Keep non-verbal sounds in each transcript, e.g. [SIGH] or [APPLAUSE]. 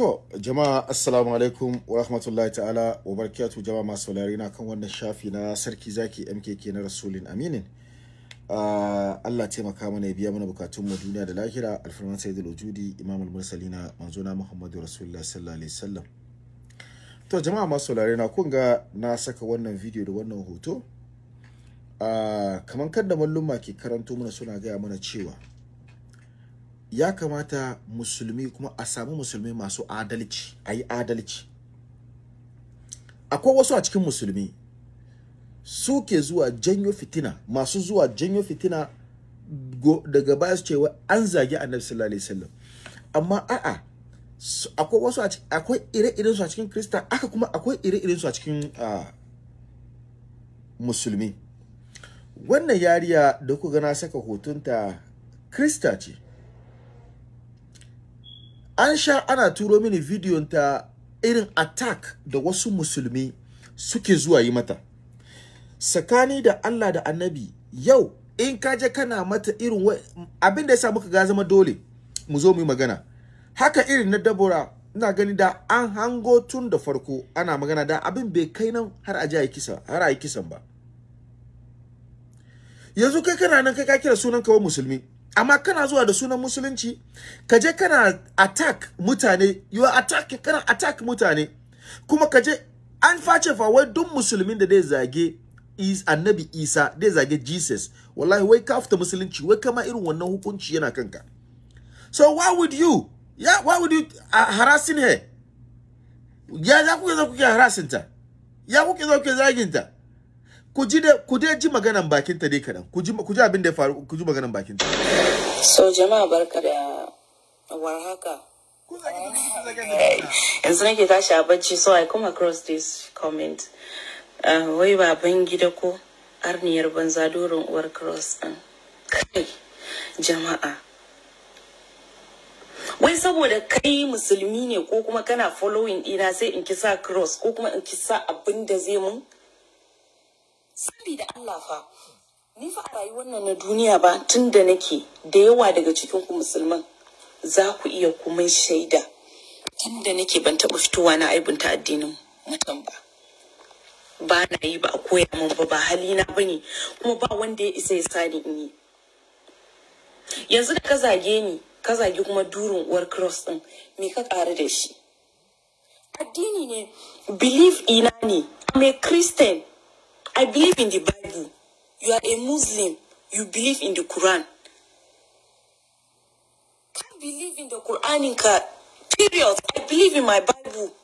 To, jama'a assalamu alaikum wa rahmatullahi ta'ala wa barakatu jama'a masu saurari na kan wannan shafi na sarki zaki MKK na Rasulin Aminin. Uh, Allah taimaka mana ya biya mana bukatun mu duniya da lahira alfarman da lojudi imam al manzo na Muhammadu Rasulullah sallallahu alaihi wasallam. To, jama'a masu saurari na kun ga na saka wannan video da wannan hoto. Uh, kaman kadda malluma ke karanto mana suna gaya mana cewa ya kamata musulmi kuma a samu musulmi masu adalci a yi adalci akwai wasu a cikin musulmi suke zuwa janyo fitina masu zuwa janyo fitina daga baya su cewa an zagi annabi sallallahu alaihi wasallam amma a'a akwai wasu akwai ire-iren su a cikin krista aka kuma akwai ire-iren su a cikin musulmi wannan yariya da kuka gana saka hotunta krista ce an sha ana turo mini bidiyon ta irin attack da wasu musulmi suke zuwa yi mata sakani da Allah da annabi yau in ka kana mata irin abin da ya sa muka ga zama dole mu zo mu yi magana haka irin na dabura ina gani da an hango tun da farko ana magana da abin bai kai nan har a ji kisa har a yi kisan ba yanzu kai kana nan kai ka kira sunan kawai musulmi amma kana zuwa da sunan musulunci kaje kana attack mutane you are attacking kana attack mutane kuma kaje an face fa wai duk musulmin da zai zage annabi isa dai zage jesus wallahi wai ka fita musulunci wai kama irin wannan hukunci yana kanka so why would you yeah why would you uh, harassing her ya za ku za ku harassing ta ya kuke za ku zaginta. ta ku ji da ku dai ji maganan bakin ta dai kadan ku ji ku ji abin da ya faru ku ji maganan bakin ta so jama'a barka da warhaka yanzu nake tashi a bacci so i come across this comment ah, wai baban gida ko arniyar banza doron uwar cross din kai jama'a wai saboda kai musulmi ne ko kuma kana following ina sai in kisa cross ko kuma in kisa abin da zai mun saboda Allah fa, ni fa a rayuwar nan na duniya ba tun da nake da yawa daga cikin ku musulman za ku iya kuma shaida. Tun da nake ban taɓa fitowa na aibunta addinin mutum ba. Ba na yi ba a koya min ba ba halina ba ne kuma ba wanda ya isa ya sani in yi. Yanzu da ka zage ni ka zagi kuma durin uwar cross din me ka ƙara da shi addini ne belief ina ne me christian I believe in the Bible. You are a Muslim. You believe in the Quran. Can't believe in the Quran, Quranica. Period. I believe in my Bible.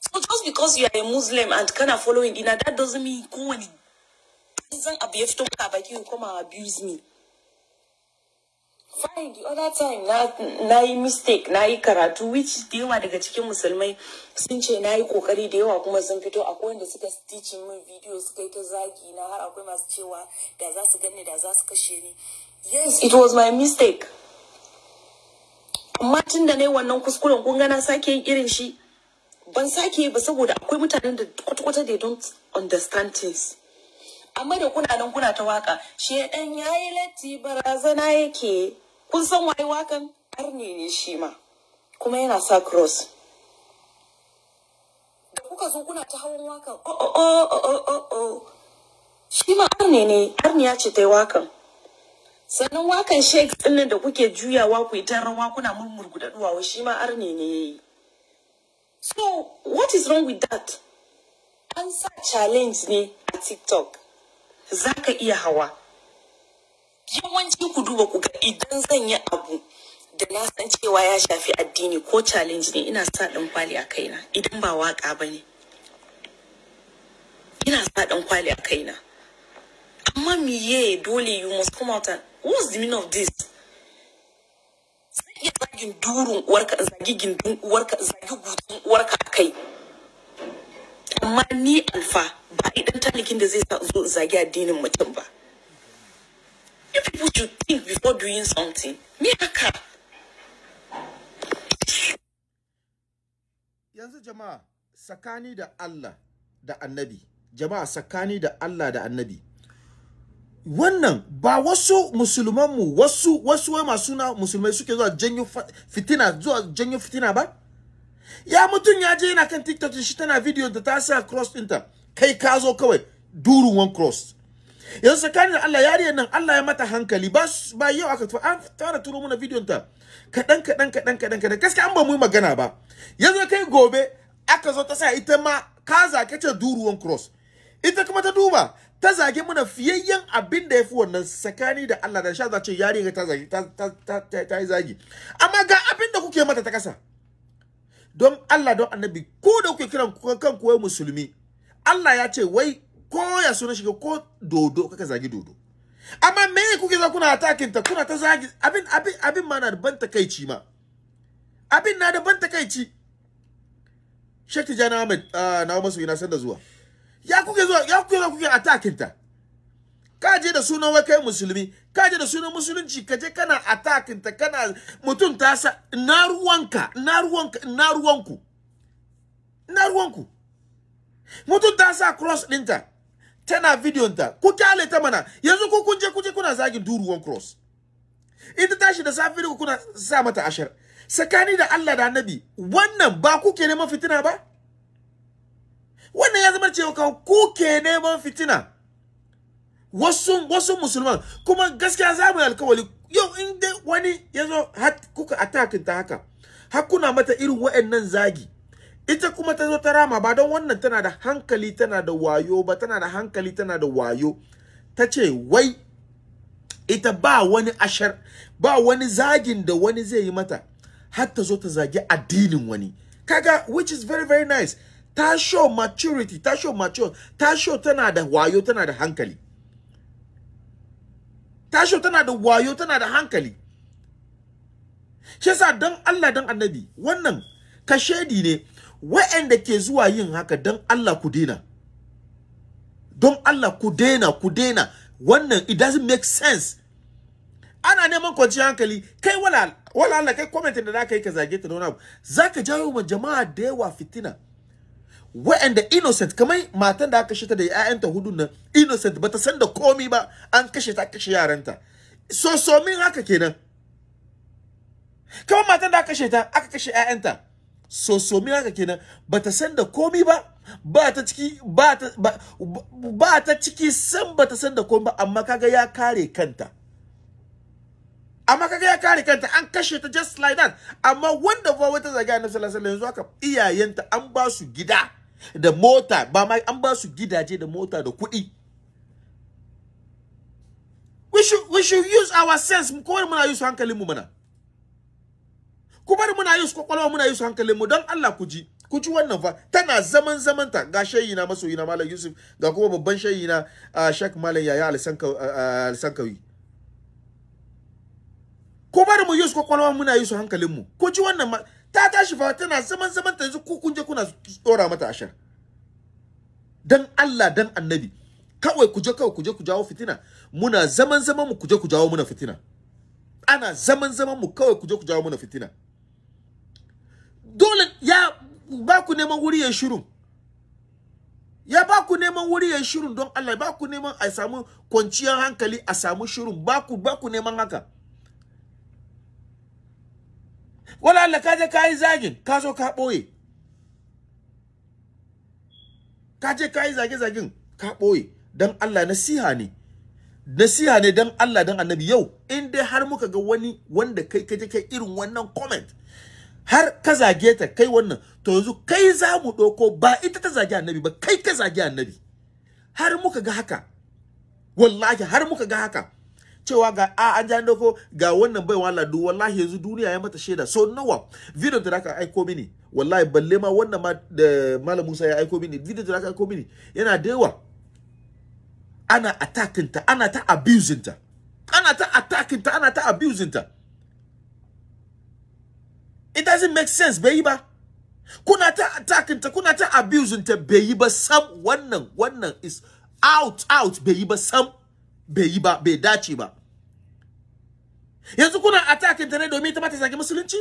So just because you are a Muslim and kind of following dinner, that doesn't mean you go and you come and abuse me. fine the other time na yi mistake na karatu which da yawa daga cikin musulmai sun ce na yi kokari da yawa kuma sun fito akwai wanda suka stitch min video suka yi ta zagi na har akwai masu cewa da za su ganni da za su kashe ni yes it was my mistake amma tun da na wannan kuskuren kun na sake yin irin shi ban sake ba saboda akwai mutanen da kwata-kwata they don't understand things amma da kuna nan kuna ta waka shi ya yayi latti barazana yake kun san waye wakan arne ne shi ma kuma yana sa cross da kuka zo kuna ta hawan wakan oh oh oh oh o oh, oh, oh. shi ma arne ne arne ya ce ta wakan sannan wakan shake din da kuke juyawa ku yi ta rawa kuna murmurguda duwawa shi ma arne ne yayi so what is wrong with that an sa challenge ne a tiktok za ka iya hawa yawanci ku duba ku ga idan zan yi abu da na san cewa ya shafi addini ko challenge ne ina sa dan kwali a kaina idan ba waka ba ne ina sa dan kwali a kaina amma miye dole you must come out and what's the meaning of this zan iya zagin durun uwarka zagi gindin uwarka zagi gutun uwarka a kai amma ni alfa ba a idan talikin da zai zo zagi addinin mutum ba you people should think before doing something me haka yanzu jama'a tsakani da Allah da annabi jama'a tsakani da Allah da annabi wannan ba wasu musulmanmu wasu wasu wai masu na musulmai suke zuwa janyo fitina zuwa janyo fitina ba ya mutum ya je yana kan tiktok shi tana video da ta sa cross ɗinta kai ka zo kawai durun one cross yanzu tsakanin Allah yariyar nan Allah ya mata hankali ba ba yau aka tafi an fara turo mana bidiyon ta kadan kadan kadan kadan kadan gaskiya an ba mu magana ba yanzu kai gobe aka zo ta sa ita ma ka zake ta duruwan cross ita kuma ta duba ta zage mana fiyayyen abin da ya fi wannan tsakani da Allah da sha za ce yariyar ta zage ta ta ta ta yi zagi amma ga abin da kuke mata ta kasa don Allah don annabi ko da kuke kiran kan kuwa musulmi Allah ya ce wai ko ya suna shiga ko dodo kaka zagi dodo amma me kuke za kuna attacking ta kuna ta zagi abin abin abin ma na da ban takeici ma abin na da ban takeici Sheikh Tijani Ahmed uh, na masu ina san da zuwa ya kuke zuwa ya kuke kuke attacking ta ka je da sunan wai kai musulmi ka je da sunan musulunci ka je kana attacking ta kana mutum ta sa na ruwanka na ruwanka na ruwanku na ruwanku mutum ta sa cross dinta tana bidiyon ta ku kyale ta mana yanzu ku kun kuje kuna zagin one cross ita tashi da safi da kuna sa mata ashar sakani da Allah da Annabi wannan ba ku ke neman fitina ba wannan ya zama cewa ku ke neman fitina wasu wasu musulman kuma gaskiya za mu alkawali yau in dai wani ya zo kuka attacking ta haka har kuna mata irin wa'annan zagi ita kuma ta zo ta rama ba don wannan tana da hankali tana da wayo ba tana da hankali tana da wayo ta ce wai ita ba wani ashar ba wani zagin da wani zai yi mata har ta zo ta zagi addinin wani kaga which is very very nice ta show maturity ta show mature ta show tana da wayo tana da hankali tasho tana da wayo tana da hankali shi yasa dan Allah dan annabi wannan kashedi ne wa'anda ke zuwa yin haka dan Allah ku dena don Allah ku dena ku dena wannan it doesn't make sense ana neman kwanciyar hankali kai wala wala Allah kai comment da zaka yi ka zage ta da wani abu zaka jawo ma jama'a da yawa fitina wa'anda innocent kamar matan da aka kashe ta da ƴaƴanta hudun nan innocent ta san da komi ba an kashe ta kashe yaranta so so min haka kenan kamar matan da aka kashe ta aka kashe ƴaƴanta so so min haka kenan ta san da komi ba ba ta ciki ba ta ba ta ciki san ta san da komi ba amma kaga ya kare kanta amma kaga ya kare kanta an kashe ta just like that amma wanda ba wata zagaya na sallallahu alaihi wasallam yanzu haka iyayenta an ba su gida da mota ba ma an ba su gidaje da mota da kuɗi we should we should use our sense mu kowar muna use hankalin mu mana ku da muna use kwakwalwa muna use hankalin mu don Allah ku ji ku ji wannan fa tana zaman zaman ta ga shayi na masoyi na malam Yusuf ga kuma babban shayi na uh, Sheikh Malam Yaya uh, uh, Alsankawi ku bari mu use kwakwalwa muna use hankalin mu ku ji wannan ta tashi fa tana zaman zaman ta yanzu ku kun je kuna tsora mata ashar dan Allah dan annabi kawai ku je kawai ku je ku jawo fitina muna zaman zaman mu ku je ku jawo muna fitina ana zaman zaman mu kawai ku je ku jawo muna fitina dole ya ba ku neman wuri ya shiru ya ba ku neman wuri ya shiru don Allah ba ku neman a samu kwanciyar hankali a samu shiru ba ku ba ku neman haka wala Allah ka je ka yi zagin ka zo ka boye ka je zage-zagen ka boye don Allah nasiha ne nasiha ne don Allah don annabi yau in dai har muka ga wani wanda kai ka kai irin wannan comment har ka zage ta kai wannan to yanzu kai za mu doko ba ita ta zage annabi ba kai ka zage annabi har muka ga haka wallahi har muka ga haka cewa ga a an jani doko ga wannan bai wala du wallahi yanzu duniya ya mata shaida so nawa video da aka aiko mini wallahi balle ma wannan ma da malam Musa ya aiko mini video da aka aiko mini yana da yawa ana attacking ta ana ta abusing ta ana ta attacking ta ana ta abusing ta it doesn't make sense bai ba kuna ta attacking ta kuna ta abusing ta bai ba sam wannan wannan is out out bai ba sam bai ba bai dace ba yanzu kuna attacking ta ne domin ta ba ta zagi musulunci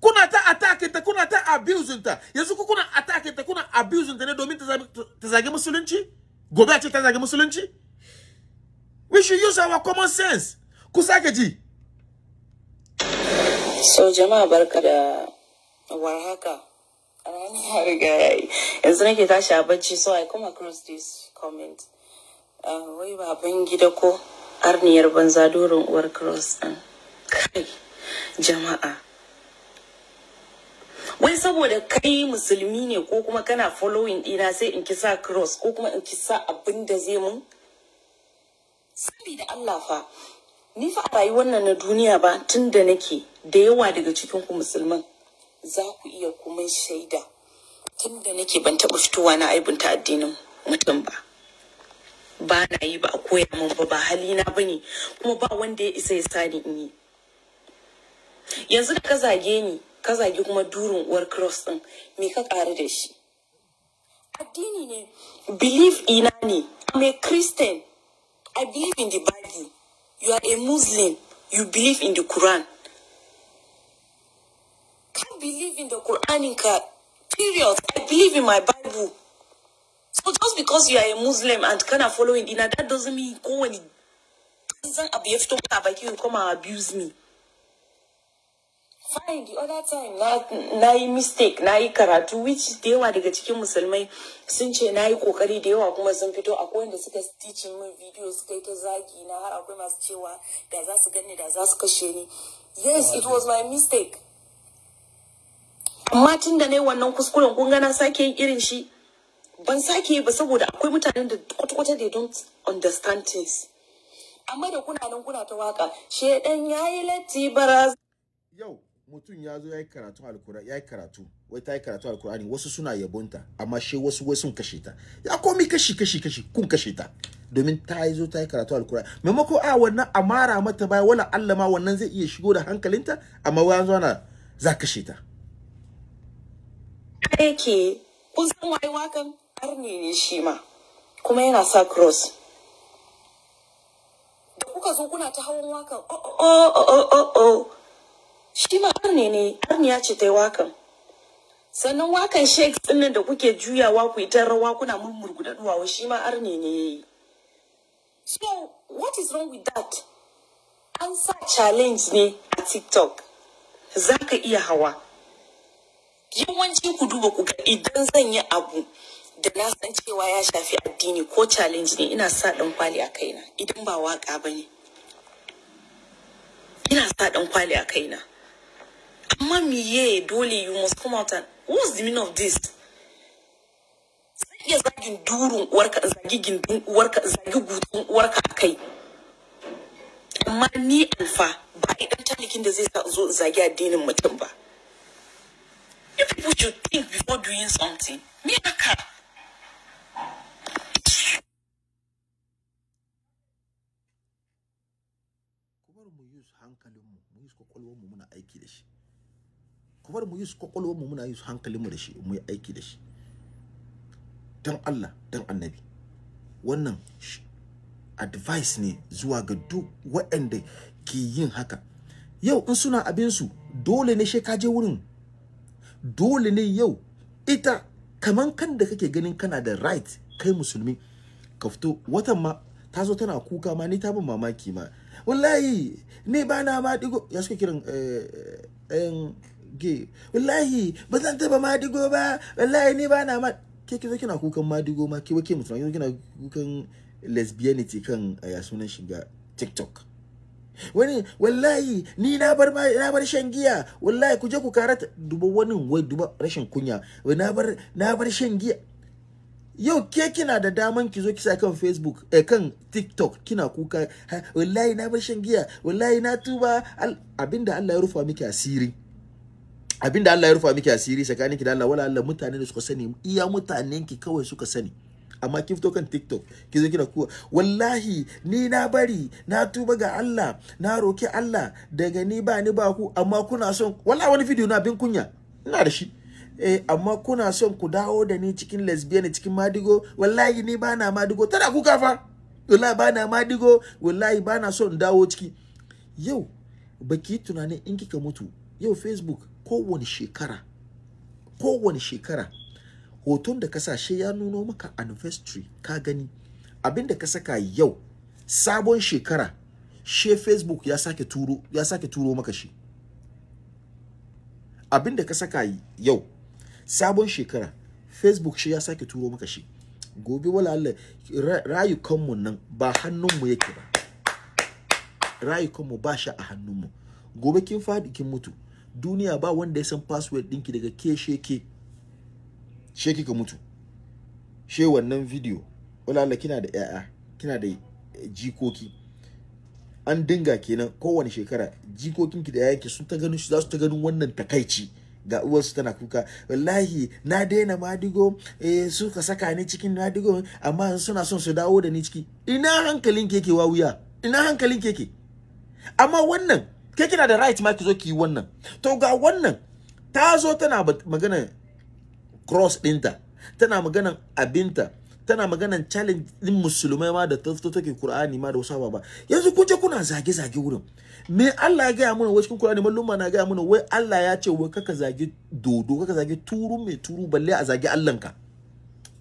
kuna ta attacking ta kuna ta abusing ta yanzu ku kuna attacking ta kuna abusing ta ne domin ta zagi musulunci gobe a ce ta zagi musulunci we should use our common sense ku sake ji so jama'a barka da warhaka ranar ga yayi yanzu nake tashi a bacci so i come across this comment Ah, wai baban gida ko arniyar banza doron uwar cross din kai jama'a wai saboda kai musulmi ne ko kuma kana following ɗina sai in kisa cross ko kuma in kisa abin zai mun da Allah fa ni fa a rayuwar nan na duniya ba tun da nake da yawa daga cikin ku musulman za ku iya kuma shaida tun da nake ban taɓa fitowa na aibinta addinin mutum ba ba na yi ba a koya min ba ba halina ba ne kuma ba wanda ya isa ya sani in yi yanzu da ka zage ni ka zage kuma durin uwar cross din me ka ƙaru da shi addini ne belief ina ne i'm a christian i believe in the bible you are a muslim you believe in the quran can't believe in the quran ka period i believe in my bible So just because you are a Muslim and kana following dina, that doesn't mean kowane zan abu ya fito maka baki you come and abuse me. Fine, the other time na yi mistake, na yi karatu which da yawa daga cikin musulmai sun ce na yi kokari da yawa kuma sun fito akwai wanda suka teaching min videos suka ta zagi na har akwai masu cewa da za su gani da za kashe ni. Yes, it was my mistake. Amma tun da na yi wannan kuskuren kun na sake yin irin shi. ban sake ba saboda akwai mutanen da kwata-kwata they don't understand things amma da kuna nan kuna ta waka ya yayi latti baraz yau mutum ya zo ya yi karatu alkura, ya yi karatu wai ta yi karatu alkurani wasu suna yabonta amma she wasu wai sun kashe ta ya komi kashi kashi kashi kun kashe ta domin ta yi zo ta yi karatu alkurani maimako a wannan amara mata baya wala Allah ma wannan zai iya shigo da hankalinta amma wai an zo na za kashe ta yake kun san waye wakan arne ne shi ma kuma yana sa cross da kuka zo kuna ta hawan wakan o o o o o shi ma arne ne ya ce ta yi wakan sannan wakan shakes ɗinnan da kuke juyawa ku yi ta rawa kuna murmurgu da duwawa shi ma arne ne ya yi so what is wrong with that an sa challenge ne a tiktok za ka iya hawa yawanci ku duba ku ga idan zan yi abu da na san cewa ya shafi addini ko challenge ne ina sa dan kwali a kaina idan ba waka bane ina sa dan kwali a kaina amma miye dole you must come out and what's the meaning of this ya zagin durun uwarka zagi gindin uwarka zagi gutun uwarka a kai amma ni alfa ba idan talikin da zai sa zo zagi addinin mutum ba if you should think before doing something me haka mu muna aiki da shi ku bar mu yi su mu muna yi su hankalinmu da shi mu yi aiki da shi don Allah don annabi wannan advice ne zuwa ga duk waɗanda ke yin haka yau in suna abinsu dole ne ka je wurin dole ne yau ita kaman kan da kake ganin kana da right kai musulmi ka fito watan ma ta zo tana kuka ma ni ta bin mamaki ma wallahi ni ba na ma digo ya suka kiran ɗayan eh, eh, gay wallahi ba zan taba ma digo ba wallahi ni ba na ma ke zo kina kukan ma digo ma ke wake musulman kina kukan lesbianity kan eh, ya sunan shiga tiktok wani wallahi ni na bar na bar shan giya wallahi ku je ku karata duba wani wai duba rashin kunya na bar na bar shan giya yau ke kina da daman ki zo ki sa kan facebook eh, kan tiktok kina kuka wallahi na bar shan giya wallahi na tuba Al abinda Allah ya rufa miki asiri abinda Allah ya rufa miki asiri tsakanin ki da Allah wala Allah mutane da suka sani iya mutanen ki kawai suka sani amma kin fito kan TikTok ki zo kina kuwa wallahi ni na bari na tuba ga Allah na roki Allah daga ni ba ni ba ku amma kuna son wallahi wani video na bin kunya ina da shi eh amma kuna son ku dawo da ni cikin lesbian cikin madigo wallahi ni ba madigo tana kuka fa wallahi ba na madigo wallahi ba son dawo ciki yau baki tunanin in kika mutu yau facebook kowane shekara kowane shekara hoton da kasashe ya nuno maka anniversary ka gani abin ka saka yau sabon shekara she facebook ya sake turo ya sake turo maka shi abin ka saka yau sabon shekara facebook shi ya sake turo maka shi gobe wala Allah rayukanmu nan ba hannunmu yake ba rayukanmu ba shi a hannunmu gobe kin faɗi kin mutu duniya ba wanda ya san password ɗinki daga ke sheke sheke ka mutu she wannan video wala Allah kina da ƴaƴa kina da jikoki an dinga kenan kowane shekara jikokinki da yayanki sun ta ganin za su ta ganin wannan takaici ga uwarsu tana kuka wallahi na daina madigo eh suka saka ni cikin madigo amma suna son su dawo da ni ciki ina hankalin keke wa wuya ina hankalin keke amma wannan ke kina da right ma ki zo ki yi wannan to ga wannan ta zo tana magana cross dinta tana magana abinta tana maganan challenge din musulmai ma da tafto take Qur'ani ma da wasu ba yanzu kun je kuna zage zage wurin me Allah ya gaya mana wai cikin Qur'ani malluma na gaya mana wai Allah ya ce wai kaka zage dodo kaka zage turu mai turu balle a zage Allahnka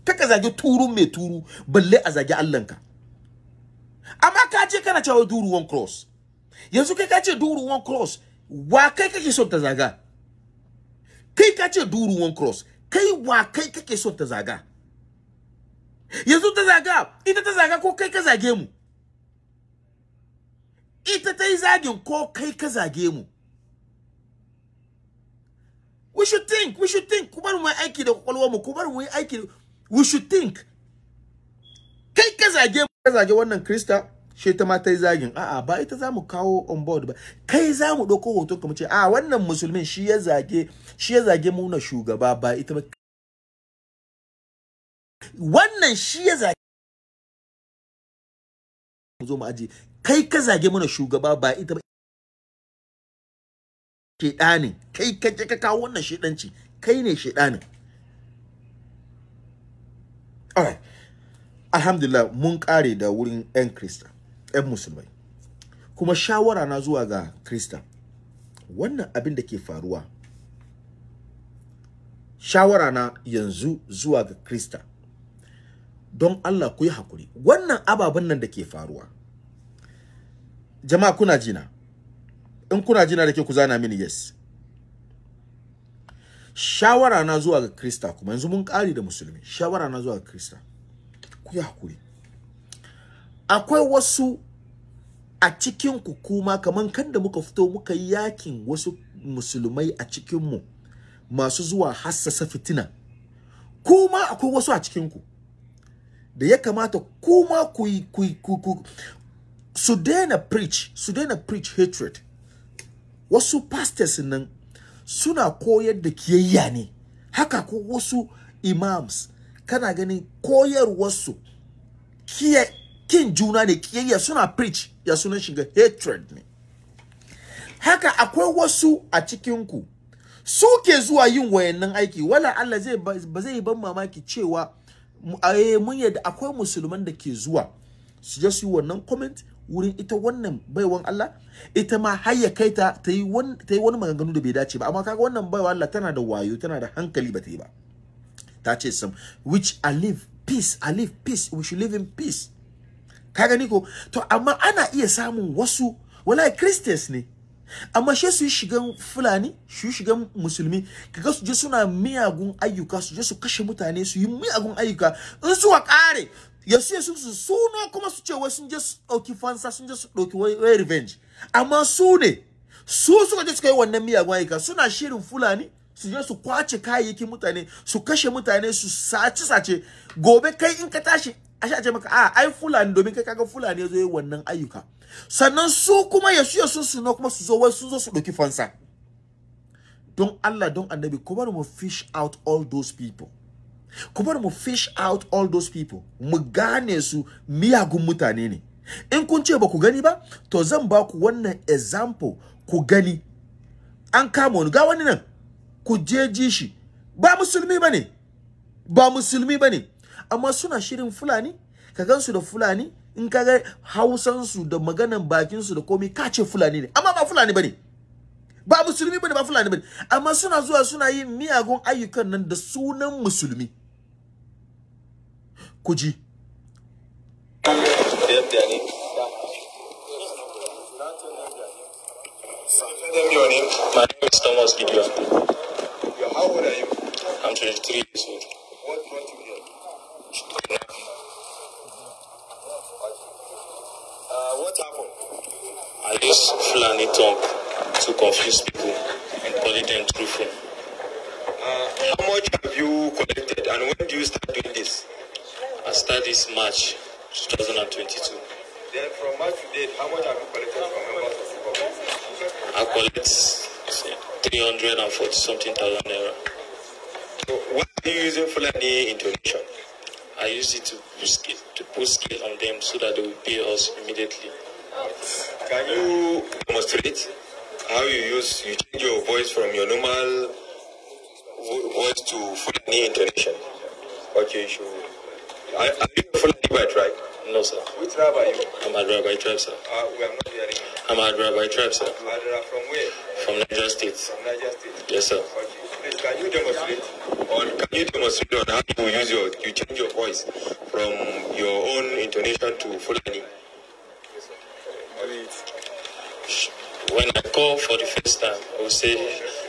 kaka zage turu mai turu balle a zage Allahnka amma ka ce kana cewa duru one cross yanzu kai ka ce duru one cross wa kai kake son ta zaga kai ka ce duru one cross kai wa kai kake son ta zaga yanzu ta zaga ita ta zaga ko kai ka zage mu ita ta yi zagin ko kai ka zage mu we should think we should think kuma mu aiki da kwakwalwar mu kuma mu aiki we should think kai ka zage mu ka zage wannan krista she ta ma ta yi zagin a'a ba ita za mu kawo on board ba kai za mu ɗauko hoton ka mu ce a wannan musulmin shi ya zage shi ya zage mu na shugaba ba ita ba wannan shi ya zage mu zo mu aje kai ka zage mana shugaba ba ita ba shedani kai ka je ka kawo wannan shedanci kai ne shedani alright alhamdulillah mun kare da wurin yan krista yan musulmai kuma shawara na zuwa ga krista wannan abin da ke faruwa shawara na yanzu zuwa ga krista don Allah ku yi hakuri wannan ababen nan da ke faruwa jama'a kuna jina in kuna jina da ke ku zana mini yes shawara na zuwa ga krista kuma yanzu mun kare da musulmi shawara na zuwa ga krista ku yi hakuri akwai wasu a cikin ku kuma kaman kan da muka fito muka yi yakin wasu musulmai a cikinmu masu zuwa hassasa fitina kuma akwai wasu a cikinku? ku da ya kamata kuma ku yi ku ku su daina preach su daina preach hatred wasu pastors nan suna koyar da kiyayya ne haka ko wasu imams kana ganin koyarwarsu kin juna ne kiyayya suna preach ya sunan shiga hatred ne haka akwai wasu a cikinku su ke zuwa yin wayannan aiki wala Allah ba zai ban mamaki cewa Eh, mun yadda akwai musulman da ke zuwa su je su yi wannan comment wurin ita wannan baiwan Allah ita ma har ya kai ta ta yi wani maganganu da bai dace ba amma kaga wannan baiwa Allah tana da wayo tana da hankali ba ta yi ba ta ce sam which I live peace I live peace we should live in peace ka gani ko to amma ana iya samun wasu wallahi christians ne amma she su yi shigan fulani su yi shigan musulmi kaga su je suna miyagun ayyuka su je su kashe mutane su yi miyagun ayyuka in suka kare ya su su su suna kuma su ce sun je su ɗauki fansa sun je su ɗauki wai revenge amma su ne su suka je suka yi wannan miyagun ayyuka suna shirin fulani su je su kwace kayayyakin mutane su kashe mutane su sace sace gobe kai in ka tashi a sha ce maka a ah, ai fulani domin kai kaga fulani yazo yi wannan ayyuka sannan su kuma ya su sun su kuma su zo wai su zo su doki fansa don Allah don annabi ku bar mu fish out all those people ku bar mu fish out all those people mu gane su miyagun mutane ne in kun ce ba ku gani ba to zan ba ku wannan example ku gani an kama wani ga wani nan ku je ji shi ba musulmi bane ba musulmi bane amma suna shirin fulani ka gansu da fulani in ka ga hausansu da maganan bakinsu da komi ka ce fulani ne amma ba fulani bane ba musulmi bane ba fulani bane amma suna zuwa suna yin miyagun ayyukan nan da sunan musulmi ku ji My name is Thomas Gideon. How old are you? I'm 23 years old. What brought you here? Uh, what happened? I just flanny talk to confuse people and calling them through phone. Uh, how much have you collected and when do you start doing this? I start this March 2022. Then from March to date, how much have you collected from members of the I collect 340 something thousand naira. So what do you use Fulani in I use it to put scale, to put on them so that they will pay us immediately. Can you demonstrate how you use you change your voice from your normal voice to Fulani intonation? Okay, sure. Are, are you Fulani right? No, sir. Which tribe are you? I'm Adra by tribe, sir. Uh, we are not hearing you. I'm Adra by tribe, sir. Adra from where? From Niger State. From Niger State? Yes, sir. Okay. Please, can you demonstrate on can you demonstrate on how you use your you change your voice from your own intonation to Fulani? Yes, sir. When I call for the first time, I will say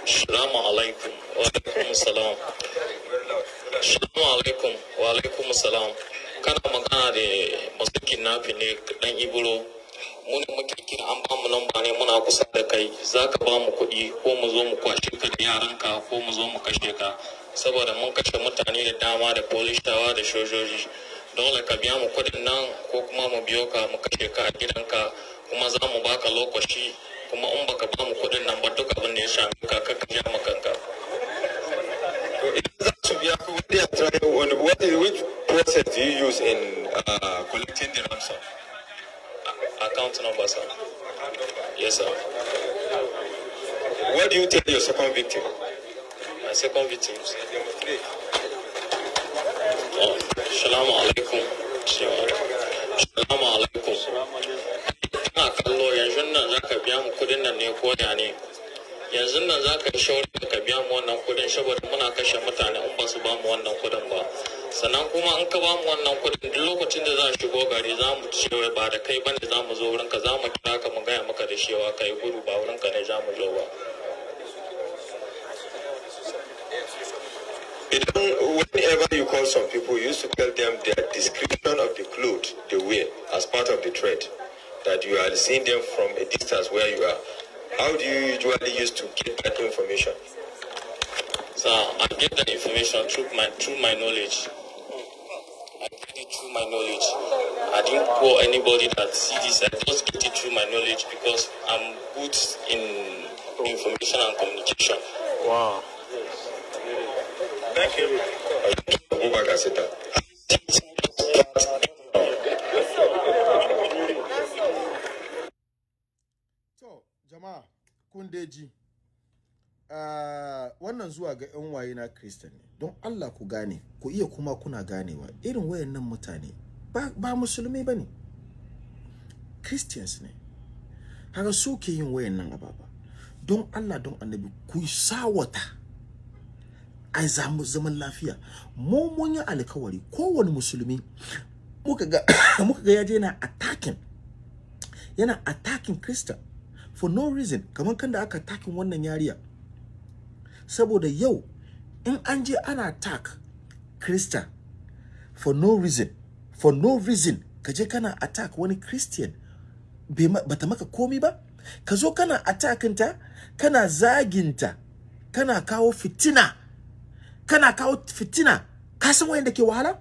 Shalom alaikum wa alaikum salam. Shalom alaikum wa alaikum salam. kana magana da masu kidnapping ne dan ibro mu ne muke kira an ba mu lamba ne muna kusa da kai zaka ka ba mu kuɗi ko mu zo mu kwashe ka da yaranka ko mu zo mu kashe ka saboda mun kashe mutane da dama da polishawa da shojoji dole ka biya mu kuɗin nan ko kuma mu biyo ka mu kashe ka a gidanka kuma za mu baka lokaci kuma in baka ba mu kuɗin nan ba duk abin da ya shafi ka ka ja makanka when they are trying, which process do you use in uh, collecting the ransom? Account number, sir. Yes, sir. What do you tell your second victim? My second victim. Oh, Shalom alaikum. Shalom alaikum. Ina kallo yanzu nan zaka biya mu kudin nan yanzu nan za ka shawar ka biya mu wannan kudin saboda muna kashe mutane in ba su ba mu wannan kudin ba sannan kuma in ka ba mu wannan kudin duk lokacin da za a shigo gari za mu cewa ba da kai bane za mu zo wurin ka za mu kira ka mu gaya maka da cewa ka yi gudu ba wurin ka ne za mu zo ba whenever you call some people, you used to tell them their description of the clothes they wear as part of the that you are seeing them from a distance where you are. How do you usually use to get that information? So I get that information through my through my knowledge. I get it through my knowledge. I didn't call anybody that see this. I just get it through my knowledge because I'm good in information and communication. Wow. Thank you. Thank you. jama'a kun ji ah, wannan zuwa ga yan waye na kristan ne don allah ku gane ku iya kuma kuna ganewa irin wayannan mutane ba, ba musulmi ba ne christians ne haka su ke yin wayannan ababa don allah don annabi ku sawata a zamu zaman lafiya mu mun yi alkawari kowane musulmi muka ga [COUGHS] muka ga yaje yana attacking yana attacking christian for no reason kamar kan aka takin wannan yariya saboda yau in an je ana attack krista for no reason for no reason ka je kana attack wani christian bata maka komi ba ka zo kana attackinta kana zaginta kana kawo fitina kana kawo fitina ka san da ke wahala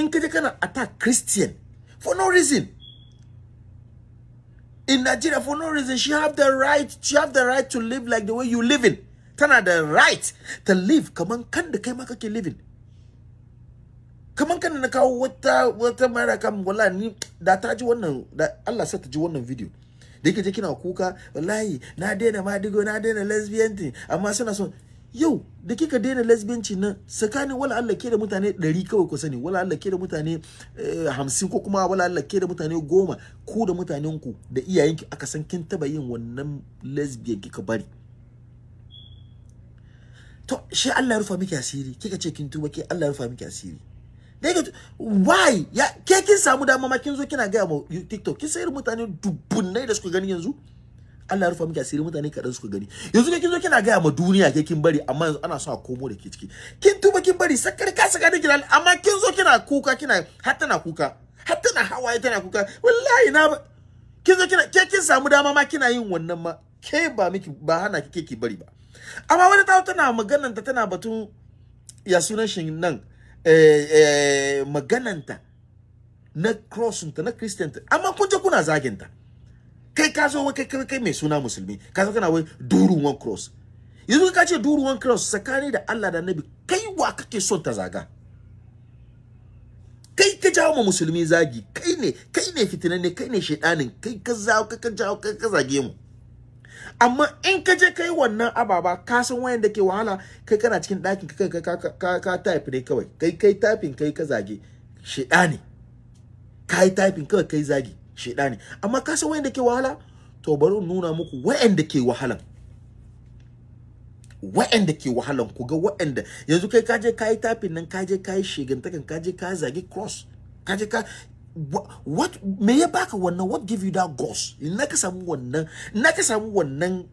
in ka je kana attack christian for no reason in Nigeria for no reason. She have the right, she have the right to live like the way you living. Tana the right to live kaman on, can kai ma kake living. Kaman can na kawo wata wata mara kam wala ni da ta ji wannan da Allah sa ta ji wannan video. Da yake je kina kuka wallahi na daina ma madigo. na daina lesbian thing amma suna so. yau da kika daina lesbianci nan tsakanin wala Allah ke da mutane 100 kawai ku sani wala Allah ke da mutane 50 eh, ko kuma wala Allah ke da mutane 10 ku da mutanen ku da iyayenki aka san kin taba yin wannan lesbian kika bari to shi Allah ya rufa miki asiri kika ce kin tuba ke Allah ya rufa miki asiri daga why ya ke kin samu dama ma kin zo kina ga mu TikTok kin sayar mutane dubbunai da suka gani yanzu Allah rufa miki asiri mutane kaɗan suka gani yanzu kai kin zo kina gaya ma duniya ke kin bari amma yanzu ana so a komo da ke ciki kin tuba kin bari sakar ka saka da gilal amma kin zo kina kuka kina har tana kuka har tana hawaye tana kuka wallahi na kin zo kina ke kin samu dama ma kina yin wannan ma ke ba miki ba hana kike ki bari ba amma wani ta tana magananta tana batun ya sunan shin nan eh, eh, magananta na ta na ta amma kun je kuna zaginta kai ka zo kai kai mai suna musulmi ka zo kana wai one cross yanzu ka ce duruwan cross tsakanin da Allah da nabi, kai wa kake son ta zaga kai ka jawo mu musulmi zagi kai ne kai ne fitinan ne kai ne shedanin kai ka zawo ka ka jawo ka ka zage mu amma in ka je kai wannan ababa ka san wayan da ke wahala kai kana cikin ɗakin kai ka ka ka type ne kawai kai kai typing kai ka zage shedani kai typing kawai kai zagi shedani amma ka san wayanda ke wahala to bari nuna muku wayanda ke wahalan wa'anda ke wahalan ku ga wa'anda yanzu kai kaje kai tafin nan kaje kai shigantakan kaje ka zagi cross kaje ka what me ya baka wannan what give you that goals na ka samu wannan na ka samu wannan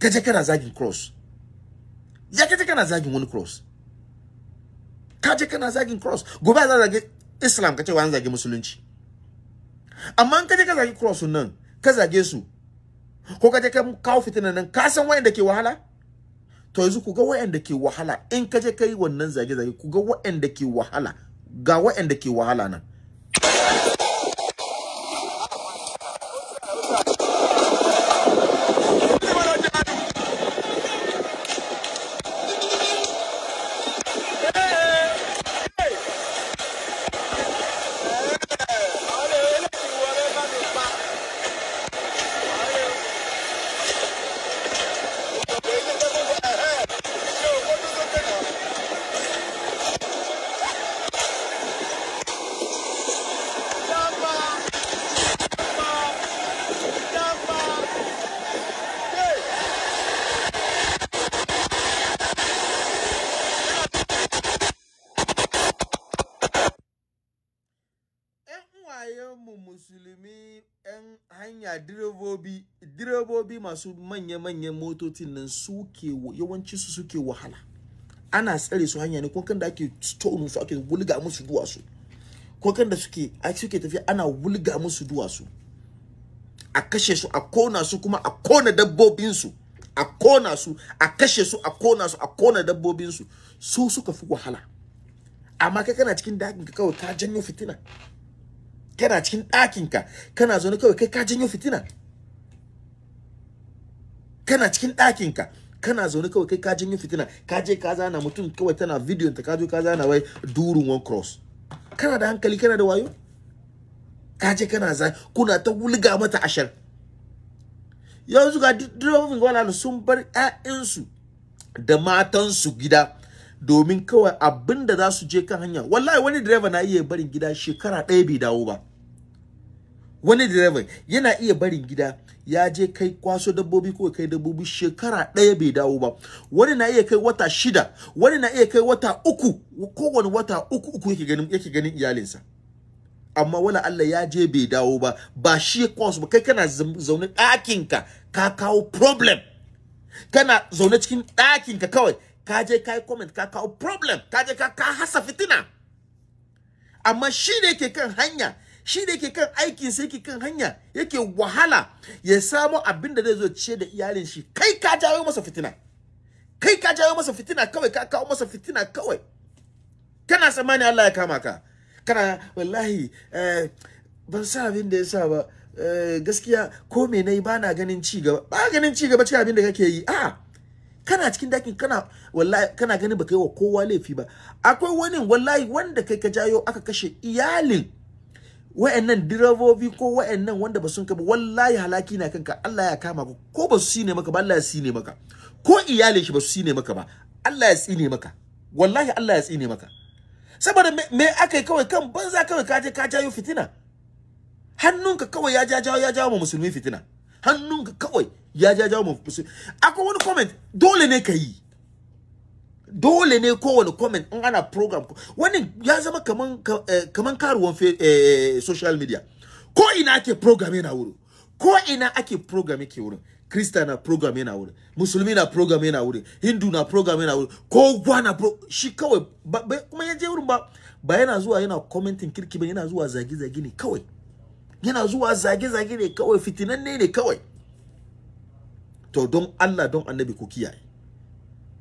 kaje kana zagin cross ya kaje kana zagin wani cross kaje kana zagin cross gobe za zagi islam kace wani zagi musulunci amma in ka je ka zagi cross nan ka zage su ko ka je ka kawo fitina nan ka san wayanda ke wahala to yanzu ku ga wayanda ke wahala in ka je kai wannan zage zage ku ga wayanda ke wahala ga wayanda ke wahala nan masu manya-manyan motocin nan suke yawanci su suke wahala ana tsare su hanya ne kokan da ake stone su ake wulga musu duwatsu ko kan da suke a suke tafiya ana wulga musu duwatsu a kashe su a kona su kuma a kona dabbobin su a kona su a kashe su a kona su a kona dabbobin su su suka fi wahala amma kai kana cikin dakin ka kawai ka janyo fitina kana cikin dakin ka kana zaune kawai kai ka janyo fitina kana cikin ɗakin ka kana zaune kawai kai kajin yin fitina ka je ka zana mutum kawai tana video ta kajo ka zana wai durin one cross kana da hankali kana da wayo ka je kana za kuna ta wulga mata ashar yanzu ga wala gwamnati sun bar ƴaƴansu da matansu gida domin kawai abinda da za su je kan hanya wallahi wani direba na iya barin gida shekara ɗaya bai dawo ba wani direba yana iya barin gida ya je kai kwaso dabbobi ko kai dabbobi shekara ɗaya bai dawo ba wani na iya kai wata shida wani na iya kai wata uku kowane wata uku uku yake ganin yake ganin iyalinsa amma wala Allah ya je bai dawo ba ba shi kwaso ba kai kana zaune ɗakinka ka kawo problem kana zaune cikin ɗakinka kawai ka je kai comment ka kawo problem ka je ka ka hasa fitina amma shi ne yake kan hanya shi da yake kan aikin sai yake kan hanya yake wahala ya samu abin da zai zo ce da iyalin shi kai ka jawo masa fitina kai ka jawo masa fitina kawai ka kawo masa fitina kawai kana tsammani Allah ya kama ka kana wallahi eh, ban sa abin da ya sa ba eh, gaskiya ko me nayi ba na ganin ci gaba ba ganin ci gaba cikin abin da kake yi a'a ah. kana cikin dakin kana wallahi kana ganin baka yi wa kowa laifi ba akwai wani wallahi wanda kai ka jayo aka kashe iyalin wa'annan direbobi ko wa'annan wanda ba sun ka wallahi halaki na kanka Allah ya kama ka ko ba su sine maka ba Allah ya sine maka ko iyalin shi ba su sine maka ba Allah ya tsine maka wallahi Allah ya tsine maka saboda me akai kawai kan banza kawai ka je ka jayo fitina hannunka kawai ya jajawo ya jawo musulmi fitina hannunka kawai ya jajawo musulmi akwai wani comment dole ne ka yi dole ne kowane comment in ana program wannan ya zama kaman eh, kaman karuwan eh, social media ko ina ake program yana wurin ko ina ake program yake wurin krista na program yana wurin musulmi na program yana wurin hindu na program yana wurin kowa na pro shi kawai ba kuma ya je wurin ba ba yana zuwa yana commenting kirki ba yana zuwa zage-zage ne kawai yana zuwa zage-zage ne kawai fitinanne ne kawai to don allah don annabi ku kiyaye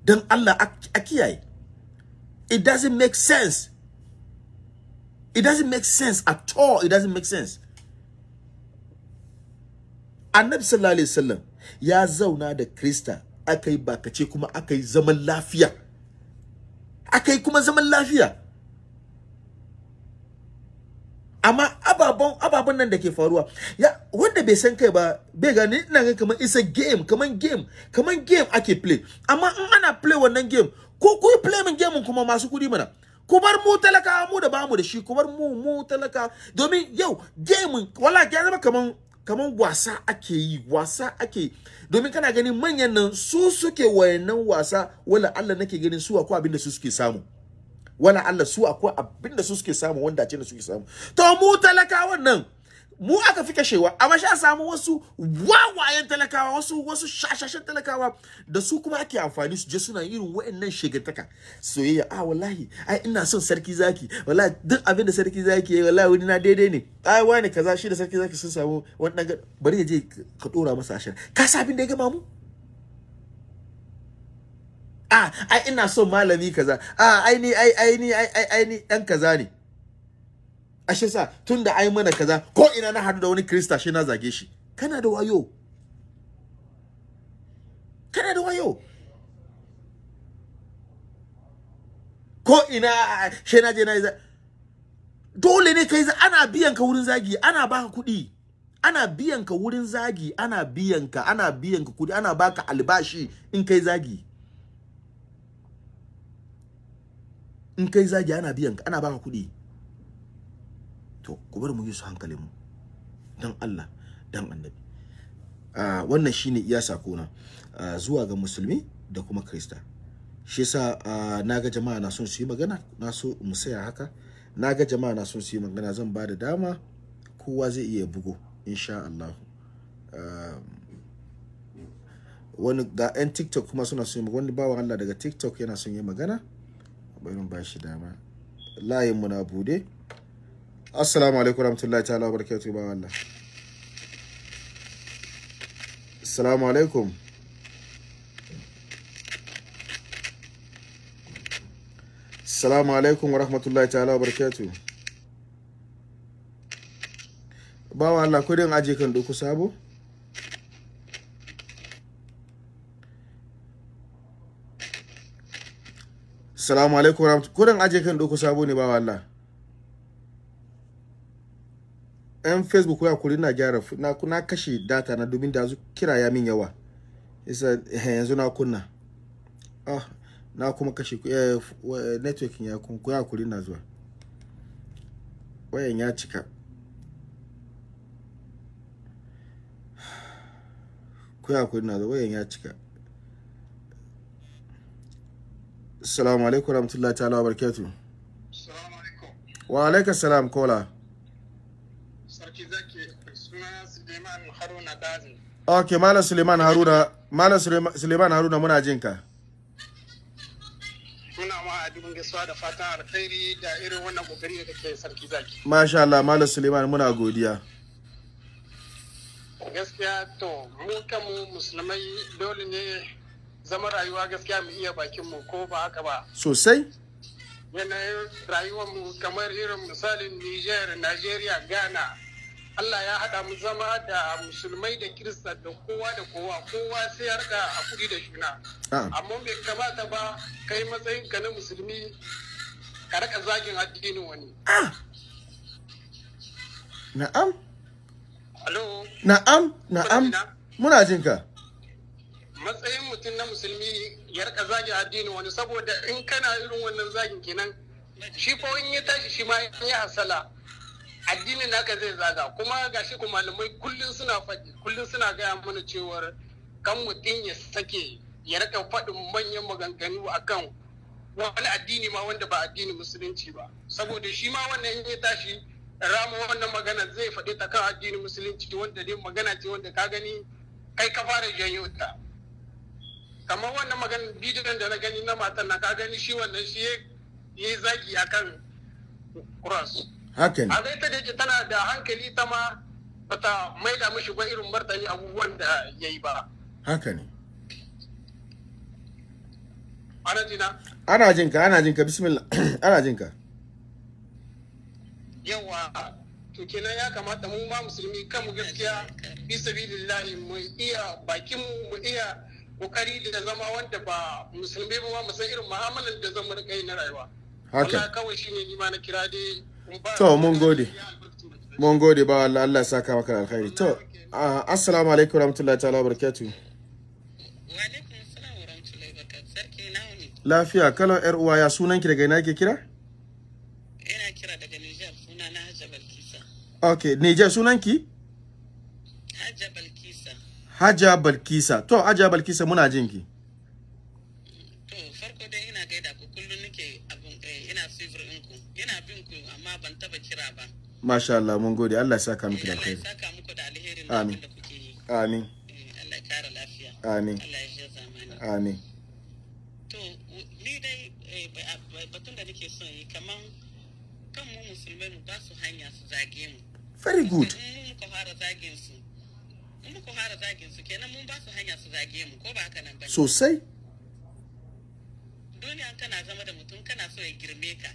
don Allah a kiyaye it doesn't make sense it doesn't make sense at all it doesn't make sense annabi sallallahu alaihi wasallam ya zauna da krista aka yi bakace kuma aka yi zaman lafiya aka yi kuma zaman lafiya amma ababen ababen nan da ke faruwa ya wanda bai san kai ba bai gani ina ga kamar isa game kamar game kamar game ake play amma in ana play wannan game ko ku play min game kuma masu kudi mana ku bar mu talaka mu da bamu da shi ku bar mu mu talaka domin yau game wala ya zama kamar kamar wasa ake yi wasa ake yi domin kana ganin manyan nan su suke wayannan wasa wala Allah nake ganin su akwai abin da su suke samu wala Allah su akwai abin da su suke samu wanda ce da suke samu to mu talakawan nan mu aka fi kashewa amma sha samu wasu wawayen talakawa wasu wasu shashashen talakawa da su kuma ake amfani su je suna irin wa'annan shigantaka soyayya a ah, wallahi ai ina son sarki zaki wallahi duk abin da sarki zaki yayi wallahi wani na daidai ne ai wani kaza shi da sarki zaki sun samu wani bari ya je ka dora masa ashar ka sa abin da ya gama mu Ah, ai ina so malami kaza Ah, ai ni ai ai ni ai ai ni dan kaza ne ashe sa tunda ai mana kaza ko ina na hadu da wani krista shi na zage shi kana da wayo kana da wayo ko ina ah, shi na je na dole ne kai ana biyan ka wurin zagi ana baka kuɗi ana biyan ka wurin zagi ana biyan ka ana biyan ka kuɗi ana baka albashi in kai zagi in kai zagi ana biyan ka ana baka kuɗi to ku bar mu yi su hankalin mu dan Allah dan annabi a wannan shine iya sakona na, zuwa ga musulmi da kuma krista shi yasa naga jama'a na son su yi magana na so mu saya haka naga jama'a na son su yi magana zan ba da dama kowa zai iya bugo insha Allah wani ga 'yan tiktok kuma suna son wani bawan Allah daga tiktok yana son yi magana barin ba shi dama layinmu na bude assalamu alaikum warahmatullahi ta'ala wa barakatuhu ba wallah assalamu alaikum assalamu alaikum wa ta'ala wa barakatuhu bawa ko kudin aje kan duku sabo Assalamu alaikum warahmatullahi kudan aje kan doko sabo ne ba wallah. Yan Facebook ya kuri na gyara na kuna kashe data na domin da zu kira ya min yawa. Isa eh, yanzu na kunna. Ah na kuma kashe eh, eh networking ya kun ku ya kuri na zuwa. Wayan ya cika. [SIGHS] Ku ya kuri na zuwa wayan ya cika. Assalamu alaikum rahmatullahi ta'ala wa barkatu. Assalamu alaikum. Wa alaikum salam kola. Sarki zaki suna Suleiman Haruna Dazi. Ok, Malam Suleiman Haruna, Malam Suleiman Haruna muna jinka. Muna ma a dubin gaisuwa da fatan alkhairi da irin wannan kokari da kake sarki zaki. Masha Allah, Malam Suleiman muna godiya. Gaskiya to mu kanmu musulmai dole ne zama rayuwa gaskiya mu iya bakin mu ko ba haka ba sosai yanayin rayuwar mu kamar irin misalin Niger, Nigeria, Ghana Allah ya haɗa mu zama da musulmai da kirista da kowa da kowa kowa sai ya rika a kudi da juna amma bai kamata ba kai matsayin ka na musulmi ka rika zagin addinin wani ah! na'am na'am na'am muna jinka matsayin mutum na musulmi ya rika zagin addinin wani saboda in kana irin wannan zagin kenan shi fa in ya tashi shi ma ya hasala addinin naka zai zaga kuma ga shi kuma malamai kullum suna faɗi kullum suna gaya mana cewar kan mutum ya sake ya rika faɗin manyan maganganu akan wani addini ma wanda ba addinin musulunci ba saboda shi ma wannan in ya tashi rama wannan magana zai faɗi ta kan addinin musulunci wanda dai magana ce wanda ka gani kai ka fara janyo ta kamar wannan maganin bidiyon da na gani na matan na ka gani shi wannan shi ya yi zagi akan cross hakan a zai ta da tana da hankali ta ma bata mai da mishi ba irin martani abubuwan da ya yi ba haka ne ana jina ana jinka ana jinka bismillah [CLEARS THROAT] ana jinka yawa to kenan ya kamata mu ma musulmi mu gaskiya bisa bidillahi mu iya bakin mu iya kokari da zama wanda ba musulmi ba mu san irin mu'amalar da zan rika yi na rayuwa haka kawai shine ni ma na kira dai to mun gode mun gode ba Allah Allah ya saka maka alkhairi to assalamu alaikum warahmatullahi ta'ala barakatuh lafiya kala yar uwa ya sunan ki daga ina ke kira ina kira daga Niger sunana Hajja Kisa. okay Niger sunan ki Haja Balkisa. To, Haja Balkisa muna jin ki. To, farko dai ina gaida ku kullum nake abun eh, ina favor ɗinku. Ina bin ku amma ban taba kira ba. Masha Allah, mun gode. Allah ya saka miki da alheri. Eh, Allah ya saka muku da alheri Amin. da kuke yi. Amin. Eh, Allah ya kara lafiya. Amin. Allah ya shi zamani. Amin. To, ni dai batun da nake son yi kaman kan mu musulmai mu ba su hanya su zage mu. Very good. sosai duniya kana zama da mutum kana so ya girme ka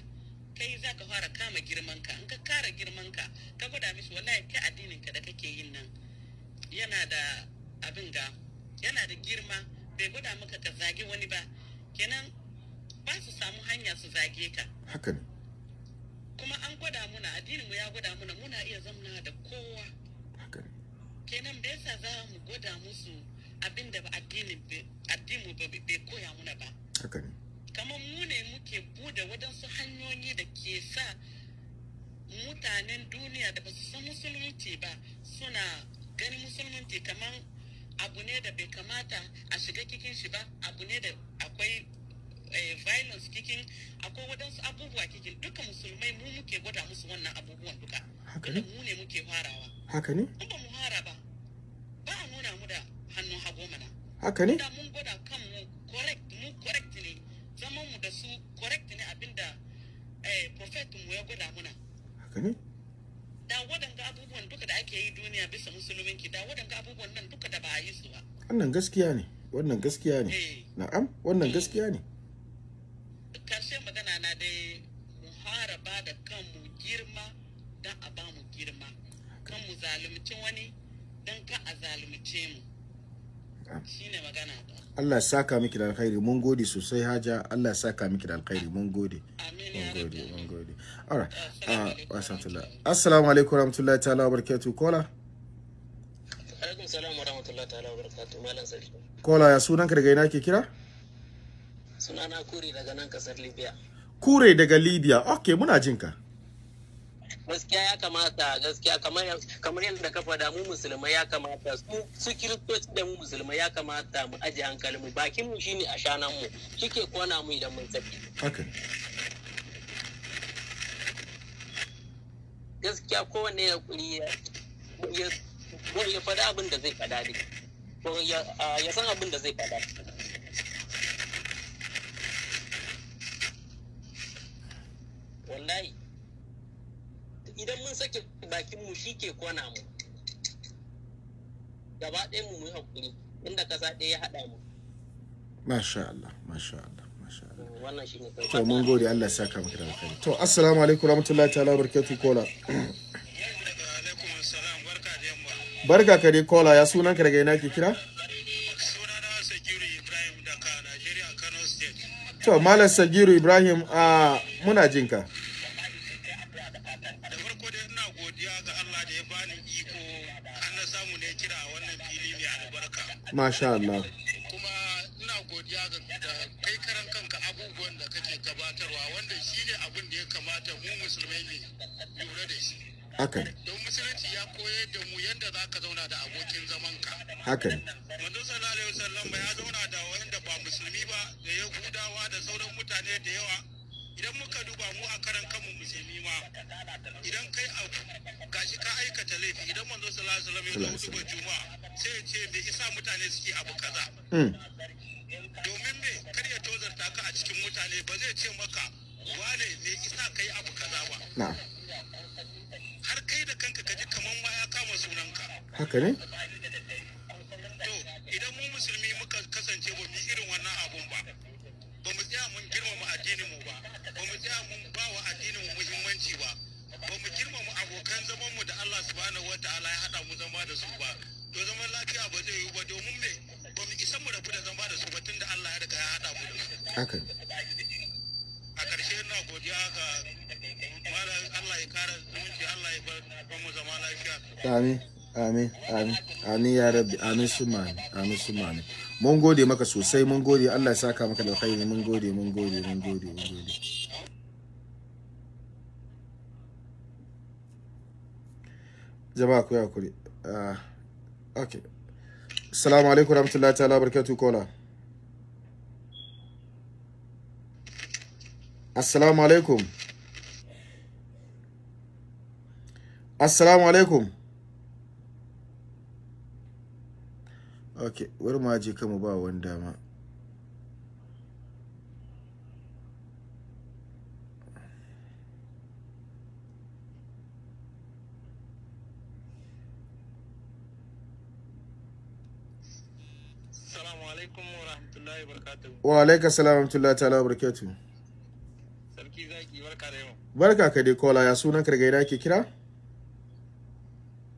kai za ka fara kama girman ka in ka kara girman ka ka gwada mishi wallahi kai addinin ka da kake yin nan yana da abin ga yana da girma bai gwada maka ka zage wani ba kenan ba su samu hanya su zage ka haka ne kuma an gwada muna addinin mu ya gwada muna muna iya zamna da kowa haka ne kenan bai sa za mu gwada musu abinda ba addinin addini bai koya muna ba kamar mu ne muke bude waɗansu hanyoyi da ke sa mutanen duniya da ba su san musulunci ba suna ganin musulunci kamar abu ne da bai kamata a shiga kikin shi ba abu ne da akwai eh, violence kikin akwai waɗansu abubuwa kikin duka musulmai mu muke gwada musu wannan abubuwan duka mu ne muke farawa haka ne ba mu fara ba haka ne mun gwada kanmu correct mu correct ne zaman mu da su correct ne abinda eh prophet mu ya gwada muna haka ne da waɗanga abubuwan duka da ake yi duniya bisa musulminki da waɗanga abubuwan nan duka da ba a yi su ba wannan gaskiya ne wannan gaskiya ne eh. na'am wannan eh. gaskiya ne karshe magana na dai mu haraba da kanmu girma don a ba mu girma kanmu mu wani don ka a zalunce mu Allah ya saka miki da alkhairi mun gode sosai haja Allah ya saka miki da alkhairi mun gode mun gode mun gode alright ah asantullah assalamu alaikum warahmatullahi ta'ala wabarakatuh kola alaikum salam warahmatullahi ta'ala wabarakatuh malam sarki kola ya sunan ka daga ina ke kira sunana kure daga nan kasar libya kure daga libya okay muna jinka gaskiya ya kamata gaskiya kamar yadda ka faɗa mu musulmai ya kamata su kiristoci da mu musulmai ya kamata mu aje hankali mu bakin mu shine a shanan mu kike kona mu idan mun tafi gaskiya kowanne ya kuri ya faɗa abin da zai faɗa ne ya san abin da zai faɗa wallahi idan mun sake bakin mu shi ke kona mu gaba ɗaya mu mu hakuri inda kasa ɗaya ya haɗa mu masha Allah masha Allah masha Allah to mun gode Allah ya saka maka da alkhairi to assalamu alaikum warahmatullahi ta'ala barkatu kola barka ka dai kola ya sunan ka daga ina ke kira to malam sagiru ibrahim a ah, muna jinka masha Allah kuma ina godiya ga kai karan kanka abubuwan da kake gabatarwa wanda shi ne abin da ya kamata mu musulmai ne lura da shi hakan don musulunci ya koyar da mu yadda za ka zauna da abokin zamanka hakan manzo sallallahu alaihi wasallam ya zauna da wanda ba musulmi ba da gudawa da sauran mutane da yawa idan muka duba mu a karan kanmu musulmi ma idan kai abu gashi ka aikata laifi idan manzo sallallahu alaihi wasallam ya duba juma'a sai ya ce me isa mutane suke abu kaza hmm. domin me kar ya tozarta ka a cikin mutane ba zai ce maka wane me isa kai abu kaza ba har kai da kanka kaji kaman ma ya kama sunanka haka ne subhanahu wa ta'ala ya hada mu zama da su ba to zaman lafiya ba zai yi ba domin me ba mu isa mu rabu da zama da su ba tunda Allah ya riga ya hada mu da su haka a karshe na godiya ga malam Allah ya kara zumunci Allah ya ba mu zama lafiya amin amin amin amin ya rabbi amin sumani amin sumani mun gode maka sosai mun gode Allah ya saka maka da alkhairi mun gode mun gode mun gode mun gode jama'a ku hakuri ah, ok salamu alaikum rahmatullahi ta'ala barakatuh kola assalamu alaikum assalamu alaikum ok wani maji kama ba wani dama Wa alaika salam warahmatullahi ta'ala wabarakatuh. Sarki zaki barka da yau. Barka ka dai kola ya sunan karga ina ke kira?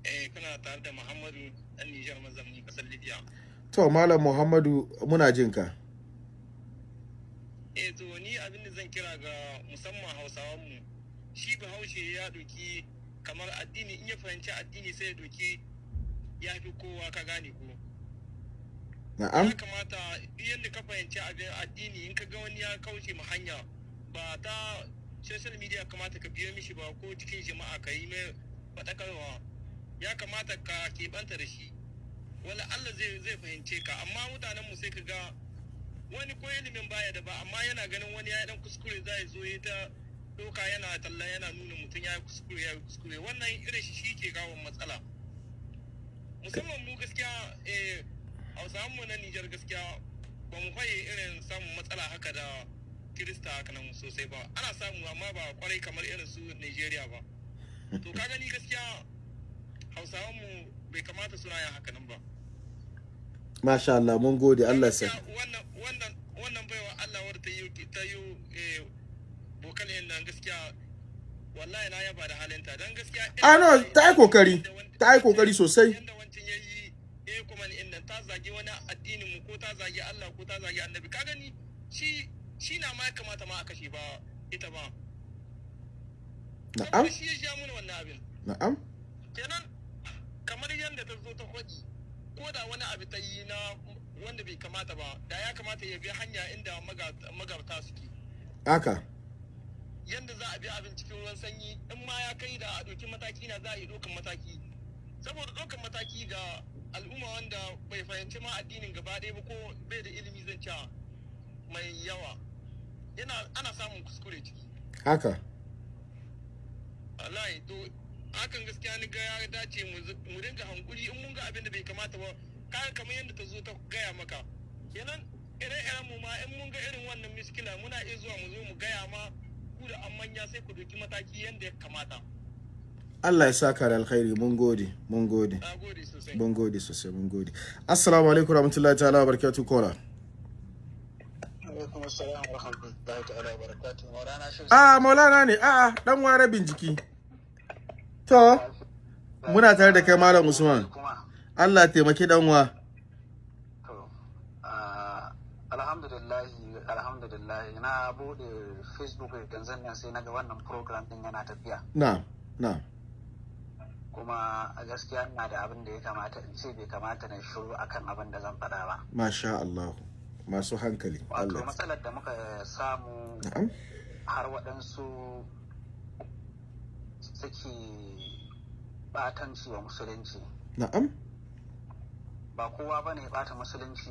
Eh kana tare da Muhammadu dan Nijar mazamni kasar Libya. To malam Muhammadu muna jin ka. Eh to ni abin da zan kira ga musamman Hausawan mu shi Bahaushe ya doki kamar addini in ya fahimci addini sai ya doki ya fi kowa ka gane ko. na'am ya kamata yadda ka fahimci addini in ka ga wani ya kauce ma hanya ba ta social media kamata ka biyo mishi ba ko cikin jama'a ka yi mai fatakarwa ya kamata ka keɓanta da shi wala Allah zai fahimce ka amma mutanen mu sai ka ga wani ko ilimin baya da ba amma yana ganin wani ya dan kuskure za ya zo ya ta doka yana talla yana nuna mutum ya kuskure ya kuskure wannan irin shi shi ke kawo matsala musamman mu gaskiya eh hausawan na Nijar gaskiya ba mu faye irin samun matsala haka da Kirista haka nan sosai ba ana samu amma ba kwarai kamar irin su Nigeria ba to ka gani gaskiya hausawan mu bai kamata suna yin haka nan ba Masha Allah mun gode Allah sai. wannan wannan baiwa Allah wadda ta yi ta yi eh, bokal yin nan gaskiya wallahi na yaba da halinta dan gaskiya Ah ta yi kokari ta yi kokari sosai ne kuma al-inna ta zagi wani addinin mu ko ta zagi Allah ko ta zagi annabi ka gani shi shi na ma kamata ma a kashe ba ita ba na'am shi ya ja mun wannan abin na'am kenan kamar yanda ta zo ta kwaji ko da wani abu ta yi na wanda bai kamata ba da ya kamata ya bi hanya inda magabta suke haka yanda za a bi abin cikin ruwan sanyi in ma ya kai da a ɗauki mataki na za a yi ɗaukan mataki saboda ɗaukan mataki ga al'umma wanda bai fahimci ma addinin gaba ɗaya ba ko bai da ilimi zan cewa mai yawa yana ana samun kuskure ciki haka wallahi to hakan gaskiya ni ga ya dace mu dinga hankuri in mun ga abin da bai kamata ba kaga kamar yadda ta zo ta gaya maka kenan ire-iren mu ma in mun ga irin wannan miskila muna iya zuwa mu zo mu gaya ma ku da an manya sai ku doki mataki yadda ya kamata Allah ya sa ka da alkhairi mun gode mun gode mun gode sosai mun gode assalamu alaikum warahmatullahi ta'ala barakatuh kola a ah, maulana ne a ah, ah, dan ware binciki to muna tare da kai malam usman Allah taimaki dan wa alhamdulillahi na bude facebook yanzu nan sai na ga wannan program din yana tafiya na na kuma a gaskiya ina da abin da ya kamata in ce bai kamata na shiru akan abin da zan faɗa ba masha Allah masu hankali wato matsalar da muka samu har waɗansu suke batanci wa musulunci na'am ba kowa ba ne bata musulunci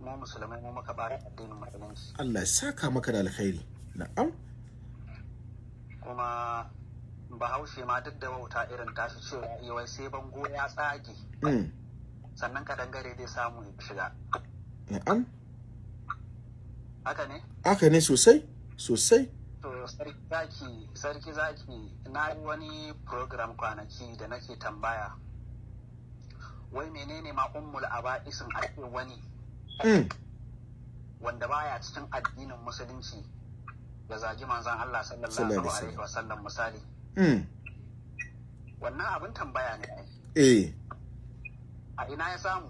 mu musulmai mu muka bata addinin musulunci Allah ya saka maka da alkhairi na'am kuma bahaushe ma duk da wauta irin tashi cewa yawai sai bango ya tsage mm. sannan ka dangare zai samu ya shiga an haka ne haka ne sosai sosai to sarki zaki na yi wani program kwanaki da nake tambaya wai menene ma ummul aba'isin ake wani mm. wanda baya cikin addinin musulunci da zagi manzan Allah sallallahu alaihi wasallam misali Hmm. wannan abin tambaya ne eh a ina ya samu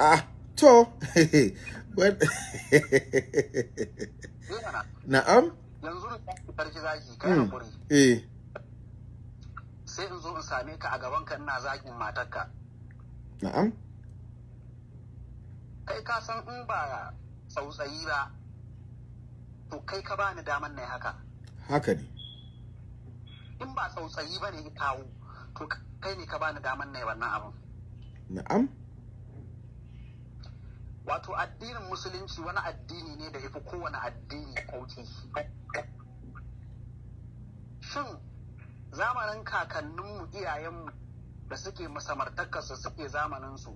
ah to [LAUGHS] [LAUGHS] na'am yanzu sarki zaki kai hmm. hakuri eh sai in zo in same ka a gaban ka ina zakin matarka na'am kai ka san in ba tsautsayi ba to kai ka bani daman ne haka haka ne in ba tsautsayi ba ne ya kawo to kai ne ka bani daman na wannan abin na'am wato addinin musulunci wani addini ne da ya fi kowane addini kauki shin zamanin kakanninmu iyayenmu da suke su suke zamaninsu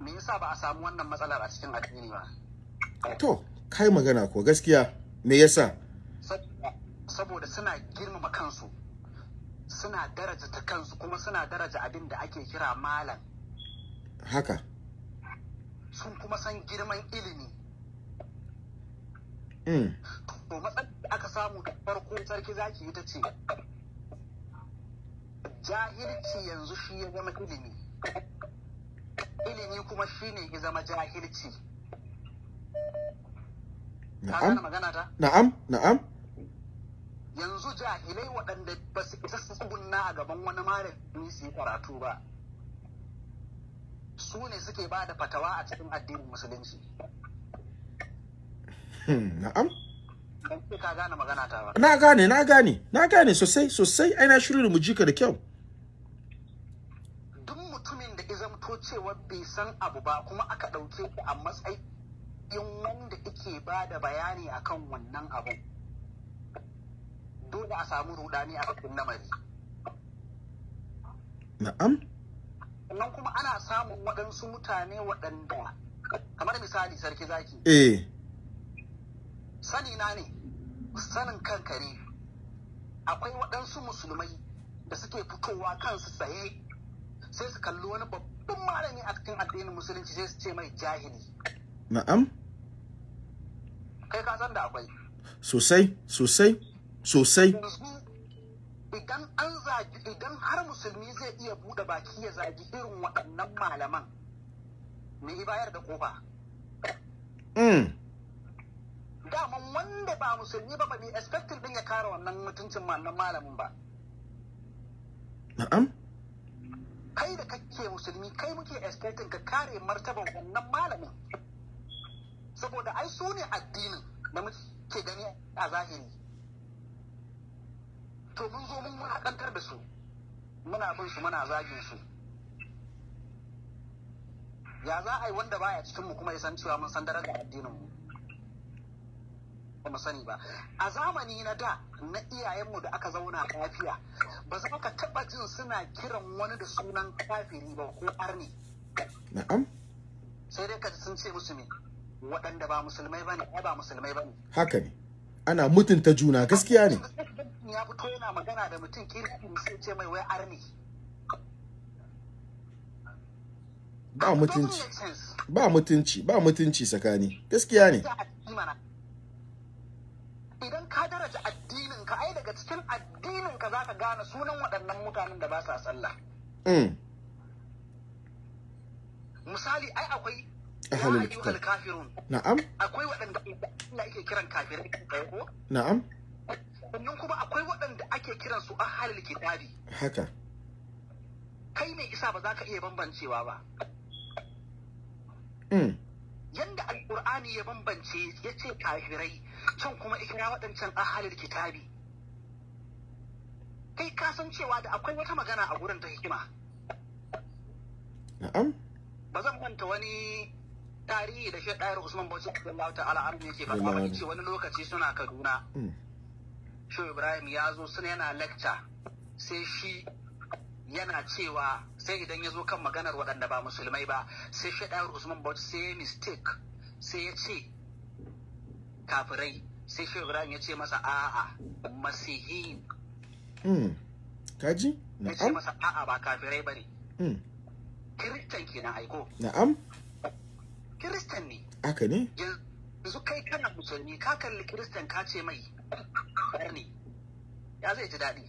me yasa ba a samu wannan matsalar a cikin addini ba to kai magana ko gaskiya me yasa saboda suna girmama kansu suna daraja ta kansu kuma suna daraja abin da ake kira malam haka sun kuma san girman ilimi mm. to matsalar da aka samu da farko sarki zaki ta ce jahilci yanzu shi ya zama ilimi ilimi kuma shi ne ya zama jahilci na'am na'am na'am yanzu jahilai waɗanda ba su isa su tsugunna a gaban wani malami su yi karatu ba su ne suke ba da fatawa a cikin addinin musulunci hmm, na'am ka gane magana ta ba na gane na gane na gane sosai sosai ai na shiru da mu jika da kyau duk mutumin da to cewa bai san abu ba kuma aka ɗauke ku a matsayin wanda ike ba da bayani akan wannan abu dole a samu rudani a cikin namari na'am sannan kuma ana samun waɗansu mutane waɗanda kamar misali sarki zaki eh sani na ne sanin kanka ne akwai waɗansu musulmai da suke fitowa kansu tsaye sai su kalli wani babban malami a cikin addinin musulunci sai su ce mai jahili na'am kai ka san da akwai sosai sosai sosai idan an zagi idan har musulmi zai iya buɗe baki ya zagi irin waɗannan malaman me bayar da kofa mm. daman wanda ba musulmi ba ba mai expectin din ya kare wannan mutuncin wannan malamin ba na'am kai da kake musulmi kai muke expectin ka kare martaban wannan malamin saboda ai su ne addinin da muke gani a zahiri to mun zo mun wulaƙantar da su muna bin su muna zagin su ya za a yi wanda baya cikin mu kuma ya san cewa mun san darajar addinin mu ba mu sani ba a zamani na da na iyayenmu da aka zauna lafiya ba za ka taɓa jin suna kiran wani da sunan kafiri ba ko arni na'am sai dai ka sun ce musu ne waɗanda ba musulmai ba ne ba musulmai ba ne haka ne ana mutunta juna gaskiya ne ya fito yana magana da mutum sai ce mai wai arni ba mutunci ba mutunci ba mutunci tsakani gaskiya ne idan ka daraja addinin ka ai daga cikin addinin ka zaka gane sunan waɗannan mutanen da ba sa sallah mm. misali ai akwai ahlul kitab na'am akwai waɗanda Allah yake kiran kafirai na'am sannan kuma akwai waɗanda ake kiransu a halin kitabi haka kai mai isa ba za ka iya bambancewa ba yanda alqur'ani ya bambance ya ce kafirai can kuma ikira waɗancan halin kitabi kai ka cewa da akwai wata magana a gurin ta hikima na'am ba zan manta wani tarihi da shi ɗayar Usman Bauchi Allah al'adu ne yake faɗa ba ce wani lokaci suna Kaduna hmm. Shehu Ibrahim ya zo suna yana lecture sai shi yana cewa sai idan ya zo kan maganar waɗanda ba musulmai ba sai shi ɗayar Usman Bauchi sai ya mistake sai ya ce kafirai sai shi Ibrahim ya ce masa a'a masihi hmm. kaji na'am ya ce masa a'a ba kafirai ne. Hmm. kiristan kenan aiko na'am kiristan ne haka ne yanzu kai kana musulmi ka kalli kiristan ka ce mai ne ya zai ji daɗi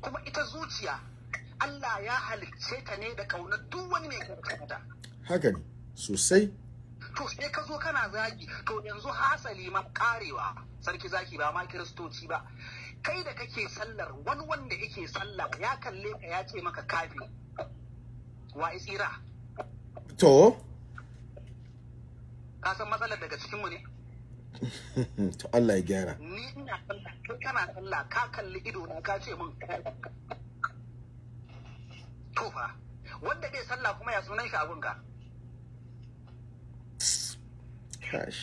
kuma ita zuciya Allah ya halicce ta ne da ƙaunar duk wani mai karkata haka ne sosai to sai ka zo kana zagi to yanzu hasali ma karewa sarki zaki ba ma kiristoci ba kai da kake sallar wani wanda yake sallah ya kalle ka ya ce maka kafi wa isira To. Ka san matsalar daga cikinmu ne? [LAUGHS] to Allah ya gyara. Ni ina sallah, kai kana sallah, ka kalli ido na ka ce min To fa, wanda bai sallah kuma ya sunan shi abun ka. Kash.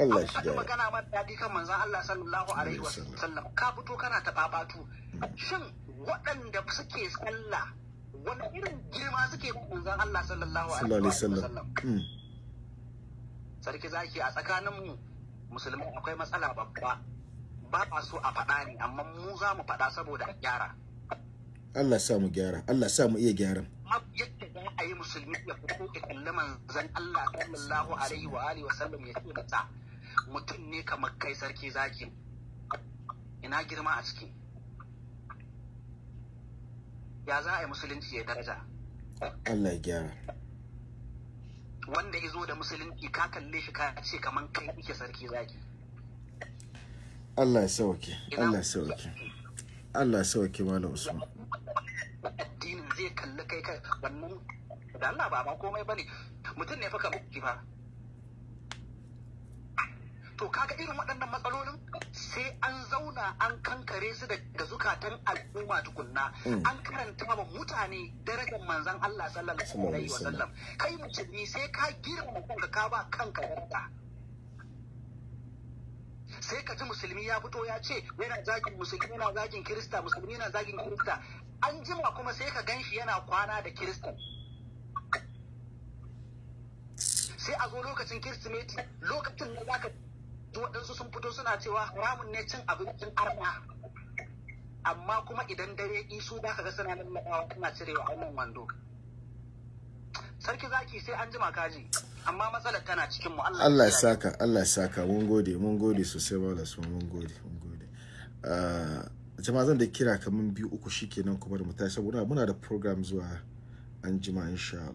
Allah shi gyara. magana ma daɗi kan manzon Allah sallallahu alaihi wasallam. Ka fito kana ta babatu. Hmm. Shin waɗanda suke sallah wannan irin girma suke ba Allah sallallahu alaihi wasallam hmm. sarki zaki a tsakanin mu musulmai akwai matsala babba ba a so a faɗa ne amma mu za mu faɗa saboda a gyara Allah sa mu gyara Allah sa mu iya gyaran yadda za a yi musulmi ya fito ya kalli manzon Allah sallallahu alaihi wa alihi wasallam ya ce masa mutum ne kamar kai sarki zaki ina girma a ciki ya za a yi musulunci ya daraja Allah ya gyara wanda ya zo da musulunci ka kalle shi ka ce kamar kai ike sarki zaki Allah ya sauke Allah ya sauke Allah ya sauke malam Usman addinin zai kalli kai kai wannan da Allah ba ma komai bane mutum ne fa kamar ba to kaga irin waɗannan matsalolin sai an zauna an kankare su daga zukatan al'umma tukunna hmm. an karanta ma mutane darajar manzan Allah sallallahu alaihi wa sallam kai mutumi sai ka girma kanka ka ba kanka yarda sai ka ji musulmi ya fito ya ce yana zagin musulmi yana zagin kirista musulmi yana zagin kirista an jima kuma sai ka ganshi yana kwana da kirista sai a zo lokacin kirsimeti lokacin da za ka yanzu waɗansu sun fito suna cewa haramun ne cin abincin arna amma kuma idan dare isu da ka ga suna lallaɓawa cire cirewa aunin wando sarki zaki sai an jima kaji amma matsalar tana cikin mu Allah ya saka Allah ya saka mun gode mun gode sosai ba su mun gode mun gode ah, jama'a zan da kira kaman biyu uku shikenan kuma da mu tashi saboda muna da program zuwa an jima insha Allah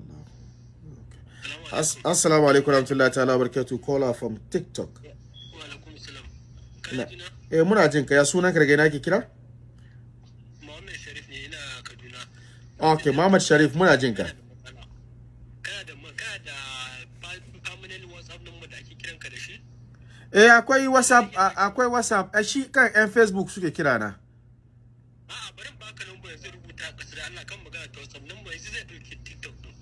assalamu alaikum warahmatullahi ta'ala barakatuh caller from tiktok yeah. eh muna jin ka ya sunan karge na ke kira Muhammad Sharif ne ina Kaduna okay Muhammad Sharif muna jin ka kana da kana da permanent WhatsApp number da ake kiran ka da shi eh akwai WhatsApp akwai WhatsApp eh shi kan en Facebook suke kira na a'a bari baka number yanzu rubuta kasar Allah kan magana ta WhatsApp number yanzu zai dauke TikTok din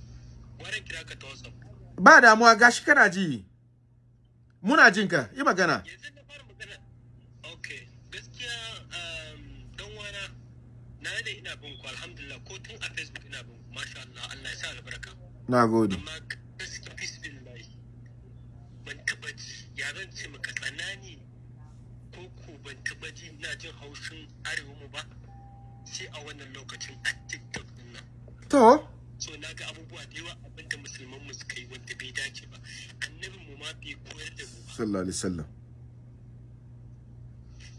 waran kira ka ta WhatsApp ba damuwa gashi kana ji muna jin ka yi magana Um, wana na a facebook ina albarka na gode amma ce maka tsanani ban taba ji ina jin haushin arewa ba sai a wannan lokacin a tiktok to so na ga abubuwa da yawa abinda musulman mu suka yi wanda bai dace ba annabin mu ma koyar da sallallahu alaihi wasallam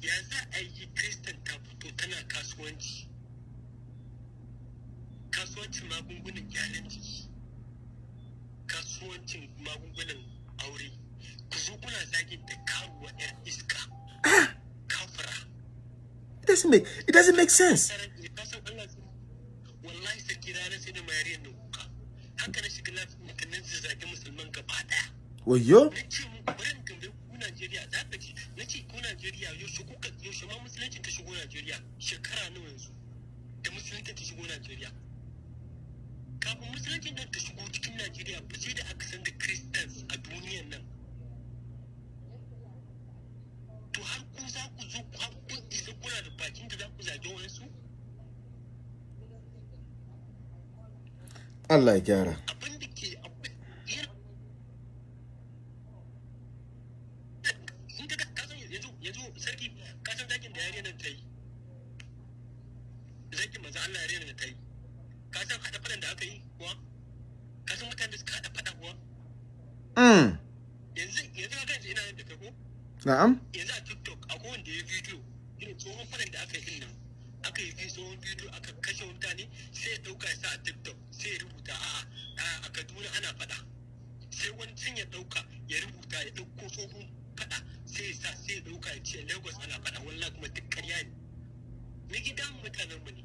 ya za a yi kristan ta fito tana kasuwanci kasuwancin magungunan gyaran jiki kasuwancin magungunan aure ku zo kuna zagin da karuwa ya iska ah! kafira it doesn't make it doesn't make sense wallahi sarki rana sai da mayariyar nan kuka haka na shiga lafiya na zage musulman gaba daya wayyo na ce muku bari Najeriya yaushe ma musuluncin ta shigo Najeriya shekara nawa yanzu da musuluncin ta shigo Najeriya kafin musuluncin nan ta shigo cikin Najeriya ba sai da aka san da Christians a duniyan nan to har ku za ku zo ku har ku isa kuna da bakin da za ku zage wayansu Allah ya gyara abin manzo Allah ya rena da yi ka san hada fadan da aka yi kuwa ka san mutanen da suka hada fada kuwa mm yanzu yanzu ka ganci ina yadda ko na'am yanzu a TikTok akwai wanda ya video irin tsohon fadan da aka yi din nan aka yi tsohon video aka kashe mutane sai ya dauka ya sa a TikTok sai ya rubuta a a Kaduna ana fada sai wani sun ya dauka ya rubuta ya dauko tsohon fada sai ya sa sai ya dauka ya ce Lagos ana fada wallahi kuma duk ƙarya ne ni gidan mutanen mu ne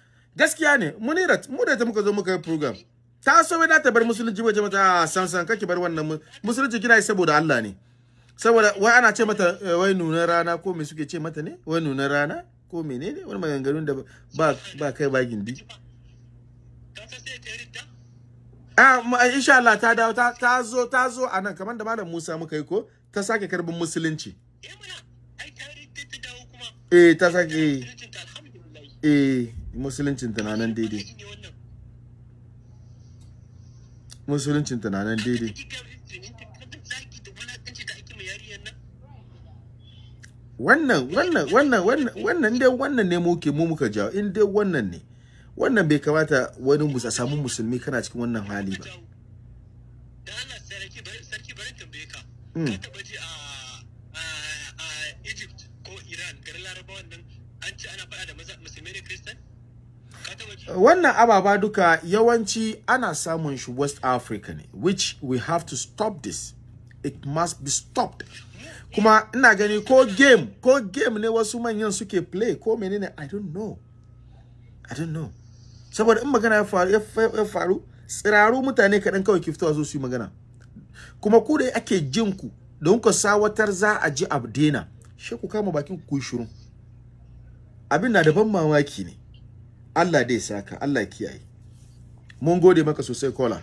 gaskiya ne munirat mu da ta muka zo muka yi program ta so wai ta bar musulunci waje mata ah, san san kake bar wannan musulunci kina yi saboda Allah ne saboda wai ana ce mata eh, wai nunar rana ko me suke ce mata ne wai nunar rana ko menene wani maganganun da ba ba kai ba gindi a ah, ah, insha Allah ta dawo ta ta zo ta zo anan kamar da malam Musa muka yi ko ta sake karbin musulunci eh, eh ta sake eh musuluncin tunanin daidai musuluncin tunanin daidai wannan wannan wannan wannan wannan dai wannan ne mu ke mu muka jawo in dai wannan ne wannan bai kamata wani musa samu musulmi kana cikin wannan hali ba wannan ababa duka yawanci ana samun shi west africa ne which we have to stop this it must be stopped kuma ina gani ko game ko game ne wasu manyan suke play ko menene i don't know i don't know saboda in magana ya faru ya faru tsiraru mutane kaɗan kawai ki fitowa zo su yi magana kuma ku da ake jin ku don ku sawatar za a ji abdena shi ku kama bakin ku shiru abin na da ban mamaki ne Allah dai saka Allah kiyaye mun gode maka sosai kola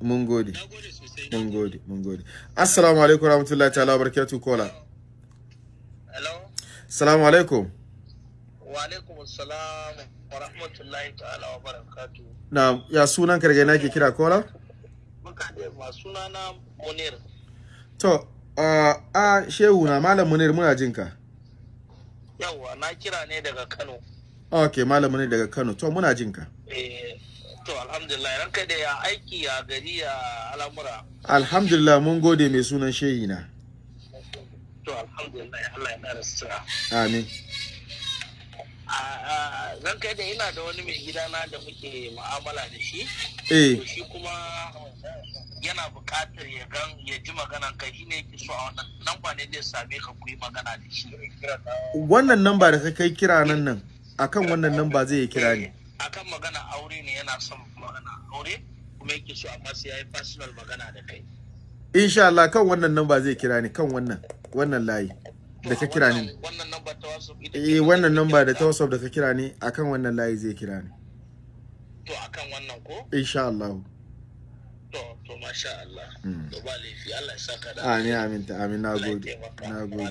mun gode mun gode mun gode assalamu alaikum rahmatullahi ta'ala barakatuh kola hello assalamu alaikum wa alaikum assalam wa rahmatullahi ta'ala wa barakatuh na ya sunan karge na ke kira kola ma sunana munir to a shehu na malam munir muna jinka yawa na kira ne daga kano ok malamin ne daga kano to muna jin ka eh, to alhamdulillah kai da ya aiki ya gari ya al'amura alhamdulillah mun gode mai sunan shehi na to alhamdulillah Allah ya kara sutura amin zan kai da ina da wani mai gidana da muke mu'amala da shi eh shi kuma yana buƙatar ya gan ya ji magana ka shi ne ki so a wannan ba ne zai same ka ku yi magana da shi wannan nan ba da kai kira nan nan akan wannan nan ba zai yi kira ne eh, akan magana aure ne yana son magana aure kuma yake so amma sai yayi personal magana da kai insha Allah kan wannan nan ba zai kira ne kan wannan wannan layi da ka kira ne wannan nan ba ta wasu eh wannan nan ba da ta wasu da ka kira ne akan wannan layi zai kira ne to akan wannan ko insha Allah to to masha Allah hmm. to ba laifi Allah ya saka da amin amin ta amin nagode nagode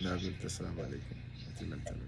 nagode assalamu alaikum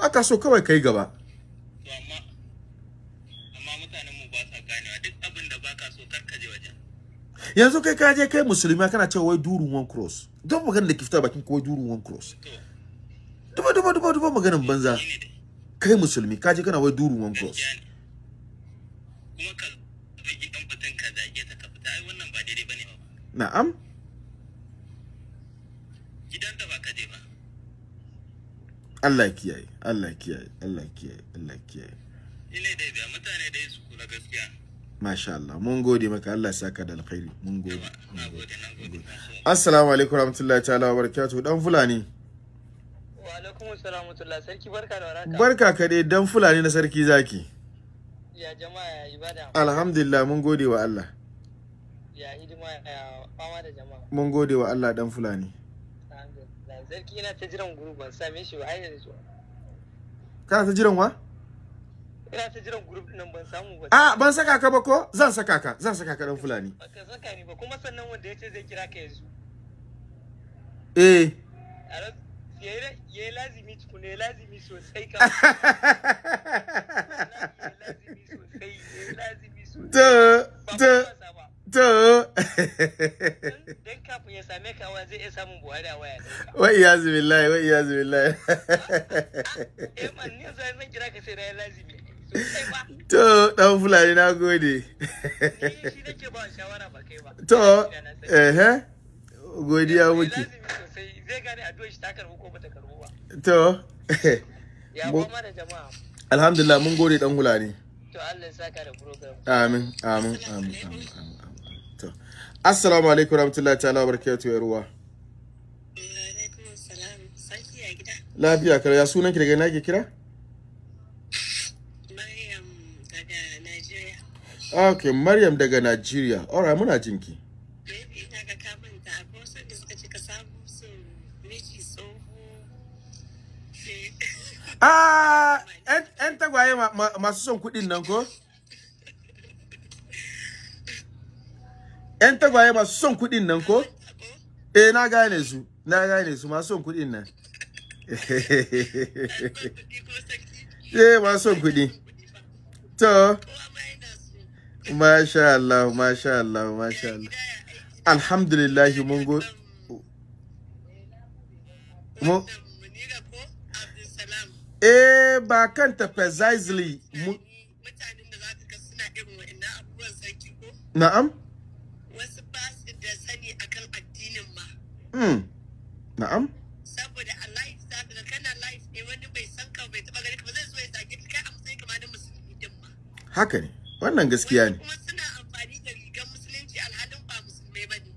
ba ka so kawai kai gaba yanzu kai ka je kai musulmi kana cewa wai durun one cross don maganin da ke fita bakin kawai durun one cross duba duba duba duba maganar banza kai musulmi ka je kana wai durun one cross na'am Allah ya kiyaye Allah ya kiyaye Allah ya kiyaye Allah ya kiyaye ile dai da mutane dai su kula gaskiya Masha Allah, mun gode maka Allah saka da alkhairi, mun gode. Assalamu alaikum warahmatullahi ta'ala wa barakatuh dan Fulani. Wa alaikum assalam warahmatullahi sarki barka da waraka. Barka ka dai dan Fulani na sarki zaki. Ya jama'a ya ibada. Alhamdulillah mun gode wa Allah. Ya hidima ya fama da jama'a. Mun gode wa Allah dan Fulani. sarki ina ta jiran guru ban same shi ba har yanzu kana ta jiran wa ina ta jiran group din ban samu ba a ah, ban saka ka ba ko zan saka ka zan saka ka dan fulani ka saka ni ba kuma sannan wanda yace zai kira ka yanzu eh ya lazimi tukuna ya lazimi sosai ka [LAUGHS] lazimi sosai lazimi sosai To. ya same ka eh, yanzu To dan fulani na gode. Eh, to eh eh? To. Alhamdulillah mun gode dan fulani. To Allah ya saka da program. Amin amin amin amin. Assalamu alaikum rahmatullahi ta'ala barakatuhu yarwa. Lafiya kar ya sunan ki daga ina ke kira? Maryam daga Najeriya. Okay, Maryam daga Najeriya. Alright, muna jinki. Ah, 'yan tagwaye masu son kuɗin nan ko? 'yan tagwaye masu son kuɗin nan ko? Eh na gane su, na gane su masu son kuɗin nan. [LAUGHS] Eh masu son kuɗi. To, masha Allah, masha Allah, masha Allah. Alhamdulillah mun go. mo Eh ba kanta precisely mutanen da za ka suna irin wa'annan abubuwan ko? Na'am. Mm. Na'am. Saboda Allah ya sa da kana life ne wani bai san ka bai taba gani ba zai zo ya zage ka kai amsai kamar da musulmi din ma. Haka ne. Wannan gaskiya ne. Kuma suna amfani da rigar musulunci alhalin ba musulmai ba ne.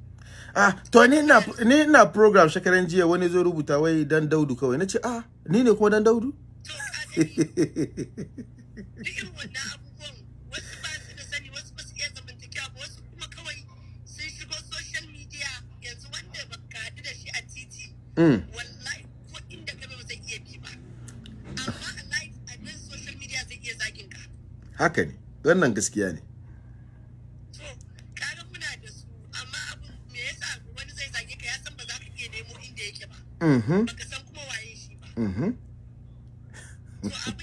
Ah, to ni ina ni ina program shekaran jiya wani zo rubuta wai dan Daudu kawai. Nace ah, ni ne ko dan Daudu? To, [LAUGHS] Mm. wallahi ko inda ka zai iya bi ba amma wallahi a nan social media zai iya zagin ka haka ne wannan gaskiya ne to kaga muna da su amma abu me yasa wani zai zage ka ya san ba za ka iya nemo inda yake ba mm-hmm. baka san kuma waye shi ba mm-hmm. to abu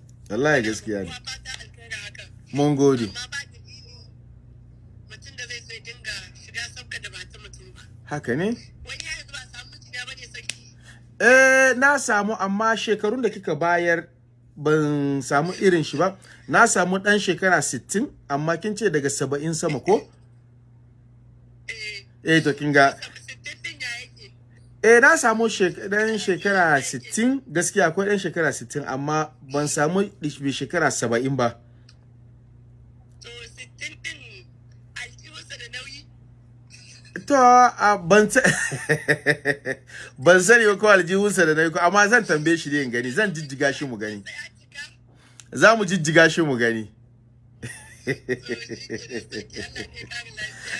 wallahi gaskiya ne mun gode haka ne eh na samu amma shekarun da kika bayar ban samu irin shi ba na samu dan shekara 60 amma kin ce daga 70 sama ko eh. eh to kin ga eh na samu dan shekara 60 gaskiya akwai dan shekara 60 amma ban samu bi shekara 70 ba to ban [LAUGHS] ban sani ko aljihunsa da nauyi amma zan tambaye shi ne in gani zan jijjiga shi mu gani za mu jijjiga shi mu gani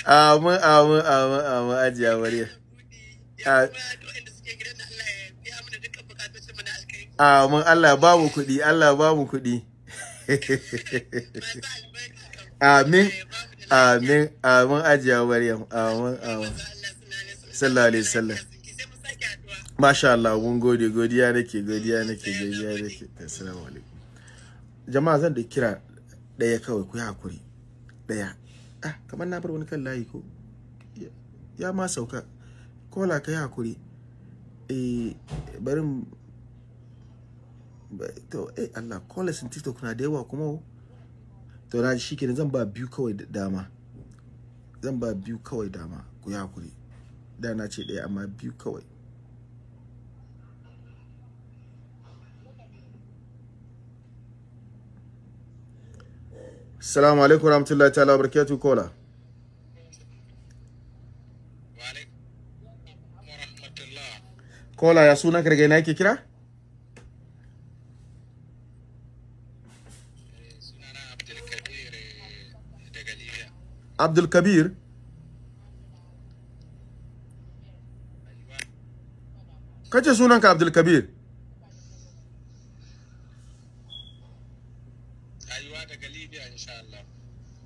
amin amin amin amin ajiya mariya a ah, mun Allah ba kuɗi Allah ba mu kuɗi [LAUGHS] amin amin amin ajiya maryam amin amin sallallahu alaihi wasallam masha Allah mun gode godiya nake godiya nake godiya nake assalamu alaikum jama'a zan da kira daya kawai ku yi hakuri daya ah kamar na bar wani kan layi ko ya ma sauka kola ka yi hakuri eh barin to eh Allah kola sun tiktok na da yawa kuma to na shi kenan zan ba biyu kawai dama zan ba biyu kawai dama ku yi hakuri da na ce ɗaya amma biyu kawai Assalamu alaikum warahmatullahi ta'ala wa barakatuh kola. kola ya suna kirge na yake kira abdulkabir kace sunanka abdulkabir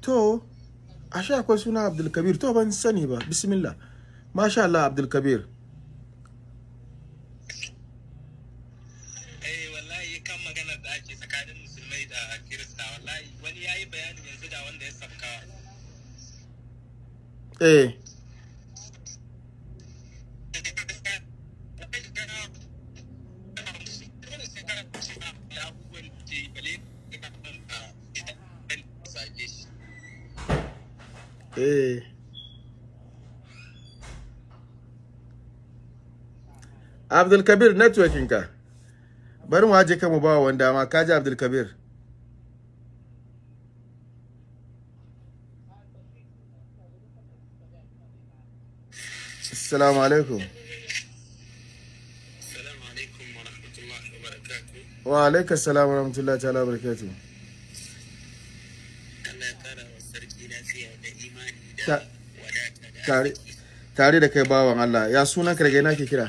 to ashe akwai suna abdulkabir to ban sani ba bismillah masha Allah abdulkabir eh, eh. Kabir networking ka bari mu aje mu ba wa wanda ma kaji abdulkabir السلام alaikum. السلام عليكم wa الله وبركاته وعليك السلام ورحمه الله تعالى وبركاته tare da kai bawan Allah ya suna karge na ke kira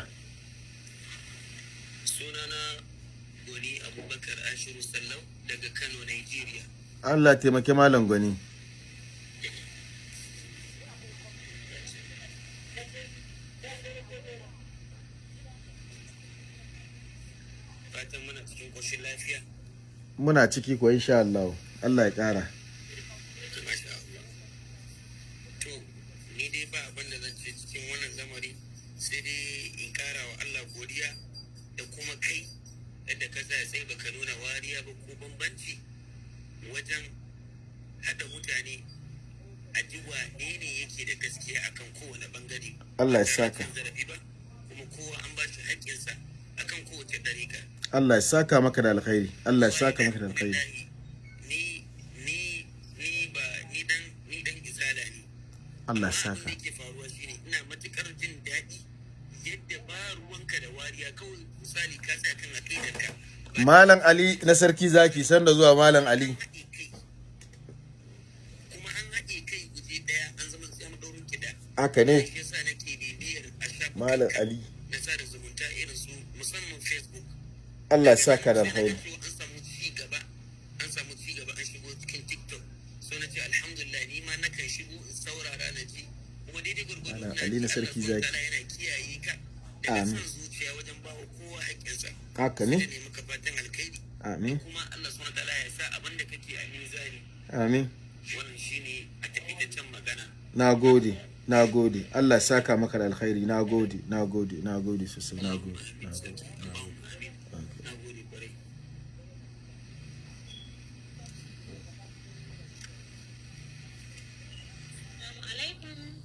sunana goni abubakar ashiru sallau daga kano nigeria Allah taimake malam gwani muna ciki ko insha Allah Allah ya kara to ni dai ba abin da zan ce cikin wannan lamari sai dai in kara wa Allah godiya da kuma kai yadda ka tsaya baka nuna wariya ba ko bambanci wajen hada mutane a ji wane ne yake da gaskiya akan kowane bangare Allah ya saka Allah ya saka maka da alkhairi Allah ya saka maka da alkhairi ni ni ni ni ni ba dan dan Allah ya saka ina matukar jin daɗi yadda ba ruwanka da wariya kawai misali ka sa kan aqidarka Malam Ali na sarki zaki san da zuwa Malam Ali kuma an haɗe kai guje daya an zama sai mu daurin kida haka ne Malam Ali Allah ya saka da alkhairi an ci gaba an shigo cikin tiktok na ce alhamdulillah ni ma na in saurara na ji ali na sarki zaki yana ka zuciya wajen bawa kowa haƙƙinsa haka ne amin Allah sa abin da kake a mizani amin wannan shine a Allah saka maka da alkhairi Na gode, na gode sosai na gode.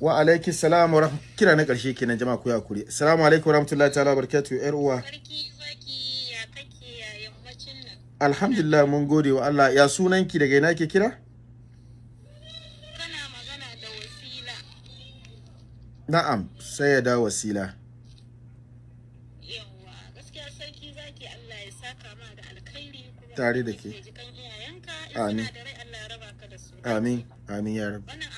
wa alaiki salam wa kira na karshe kenan jama'a ku hakuri assalamu alaikum wa rahmatullahi ta'ala barakatuh yar uwa alhamdulillah mun gode wa Allah ya sunan ki daga ina ke kira na'am sai ya da wasila tare da ke amin amin amin ya rabu.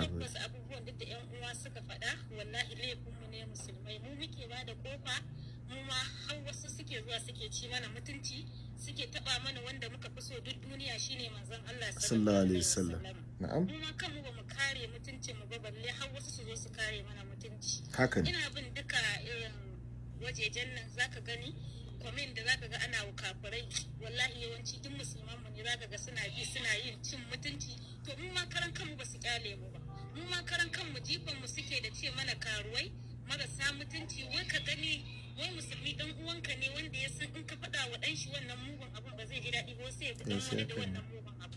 duk wasu abubuwan duk da yan uwa suka faɗa wallahi laifin mu ne musulmai mu muke ba da kofa mu ma har wasu suke zuwa suke ci mana mutunci suke taba mana wanda muka fi so duk duniya shine manzon Allah sallallahu alaihi wasallam na'am mu ma kanmu ba mu kare mutuncin mu ba balle har wasu su zo su kare mana mutunci haka ina bin duka irin wajejen nan zaka gani kwamin da zaka ga ana kafirai wallahi yawanci duk musulman mu ne zaka ga suna bi suna yin cin mutunci to mu ma karan kanmu ba su kyale mu ba mun ma karan kanmu jifan mu suke da ce mana karuwai marasa mutunci wai ka gani wai musulmi dan uwanka ne wanda ya san in ka faɗa wa ɗan shi wannan mugun abun ba zai ji daɗi ba sai ya bi dan wani da wannan mugun abu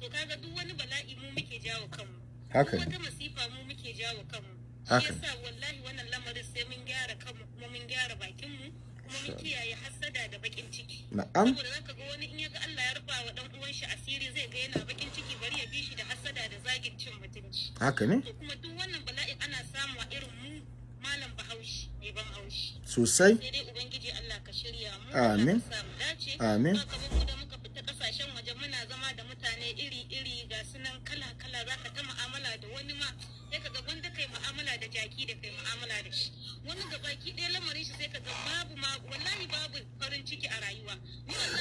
to kaga duk wani bala'i mu muke jawo kanmu haka ne. wata masifa mu muke jawo kanmu haka yasa wallahi wannan lamarin sai mun gyara kanmu kuma mun gyara bakin mu kuma kiyaye hassada da bakin ciki na'am saboda zaka ga wani in ya ga Allah ya rufa wa dan uwan shi asiri zai ga yana bakin ciki bari ya bi shi da hassada da zagin cin mutunci haka ne to kuma duk wannan bala'in ana samu a irin mu malam bahaushe ban sosai shirya mu amin amin da muka fita kasashen waje muna zama da mutane iri ga sunan kala kala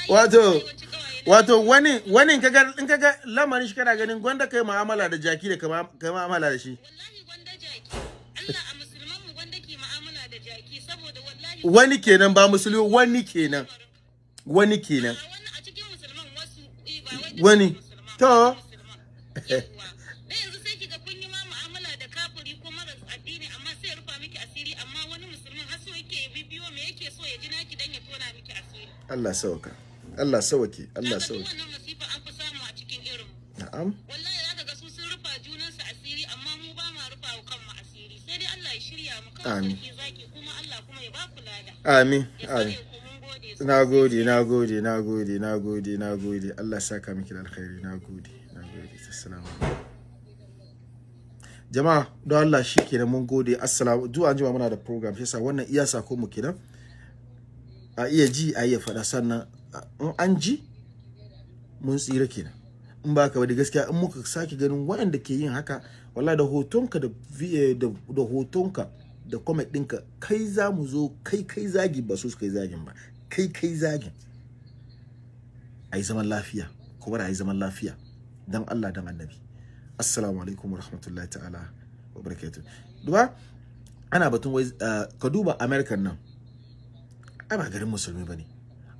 wato wato wani wani kaga in kaga lamarin shi kana ganin gwanda kai mu'amala da jaki da kai mu'amala da shi wallahi gwanda jaki Allah wani kenan ba musulmi wani kenan wani kenan wani to Allah sauka Allah sauke Allah sauke na'am wallahi zaka ga su sun rufa su asiri amma mu ba ma rufa wa kanmu asiri sai dai Allah ya shirya mu kawai amin amin amin na gode na gode na gode na gode na gode Allah saka miki da alkhairi na gode na gode assalamu jama'a don Allah shi kenan mun gode assalamu duk an jima muna da program shi yasa wannan iya sako mu kenan a iya ji a iya faɗa sannan in an ji mun tsira kenan in ba ka ba da gaskiya in muka sake ganin waɗanda ke yin haka wallahi da hotonka da eh, da hotonka da comment dinka kai za mu zo kai kai zagi ba su kai zagin ba kai kai zagin a zaman lafiya ko da a zaman lafiya don Allah don annabi assalamu alaikum wa rahmatullahi ta'ala wa barakatuh duba ana batun wai eh, ka duba american nan ai ba garin musulmi ba ne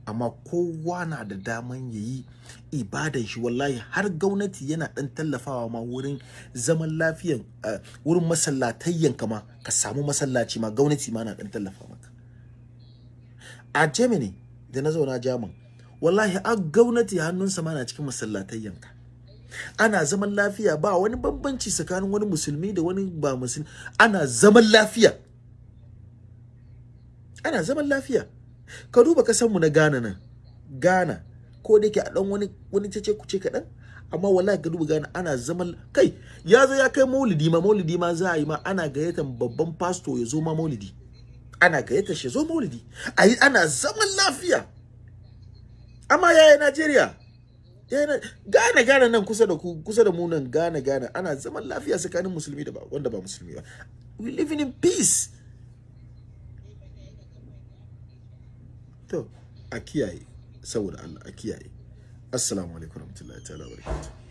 amma kowa na da daman ya yi ibadan shi wallahi har gwamnati yana dan tallafawa ma wurin zaman lafiyan eh, wurin masallatayyan kama ka samu masallaci ma gwamnati ma na dan tallafa maka a germany da na zauna jaman wallahi a gwamnati hannunsa ma na cikin masallatayyan ka ana zaman lafiya ba wani bambanci tsakanin wani musulmi da wani ba musulmi ana zaman lafiya ana zaman lafiya ka duba kasanmu na Ghana nan Ghana ko da yake a dan wani wani cece kuce kaɗan amma wallahi ka duba Ghana ana zaman kai ya zo ya kai maulidi ma maulidi ma za a yi ma ana gayyatar babban pastor ya zo ma maulidi ana gayyatar shi zo maulidi ayi ana zaman lafiya amma yaya Najeriya yana gane gane nan kusa da ku kusa da mu nan gane gane ana zaman lafiya tsakanin musulmi da ba wanda ba musulmi ba we living in peace to a kiyaye saboda Allah a kiyaye assalamu alaikum warahmatullahi ta'ala barakatuh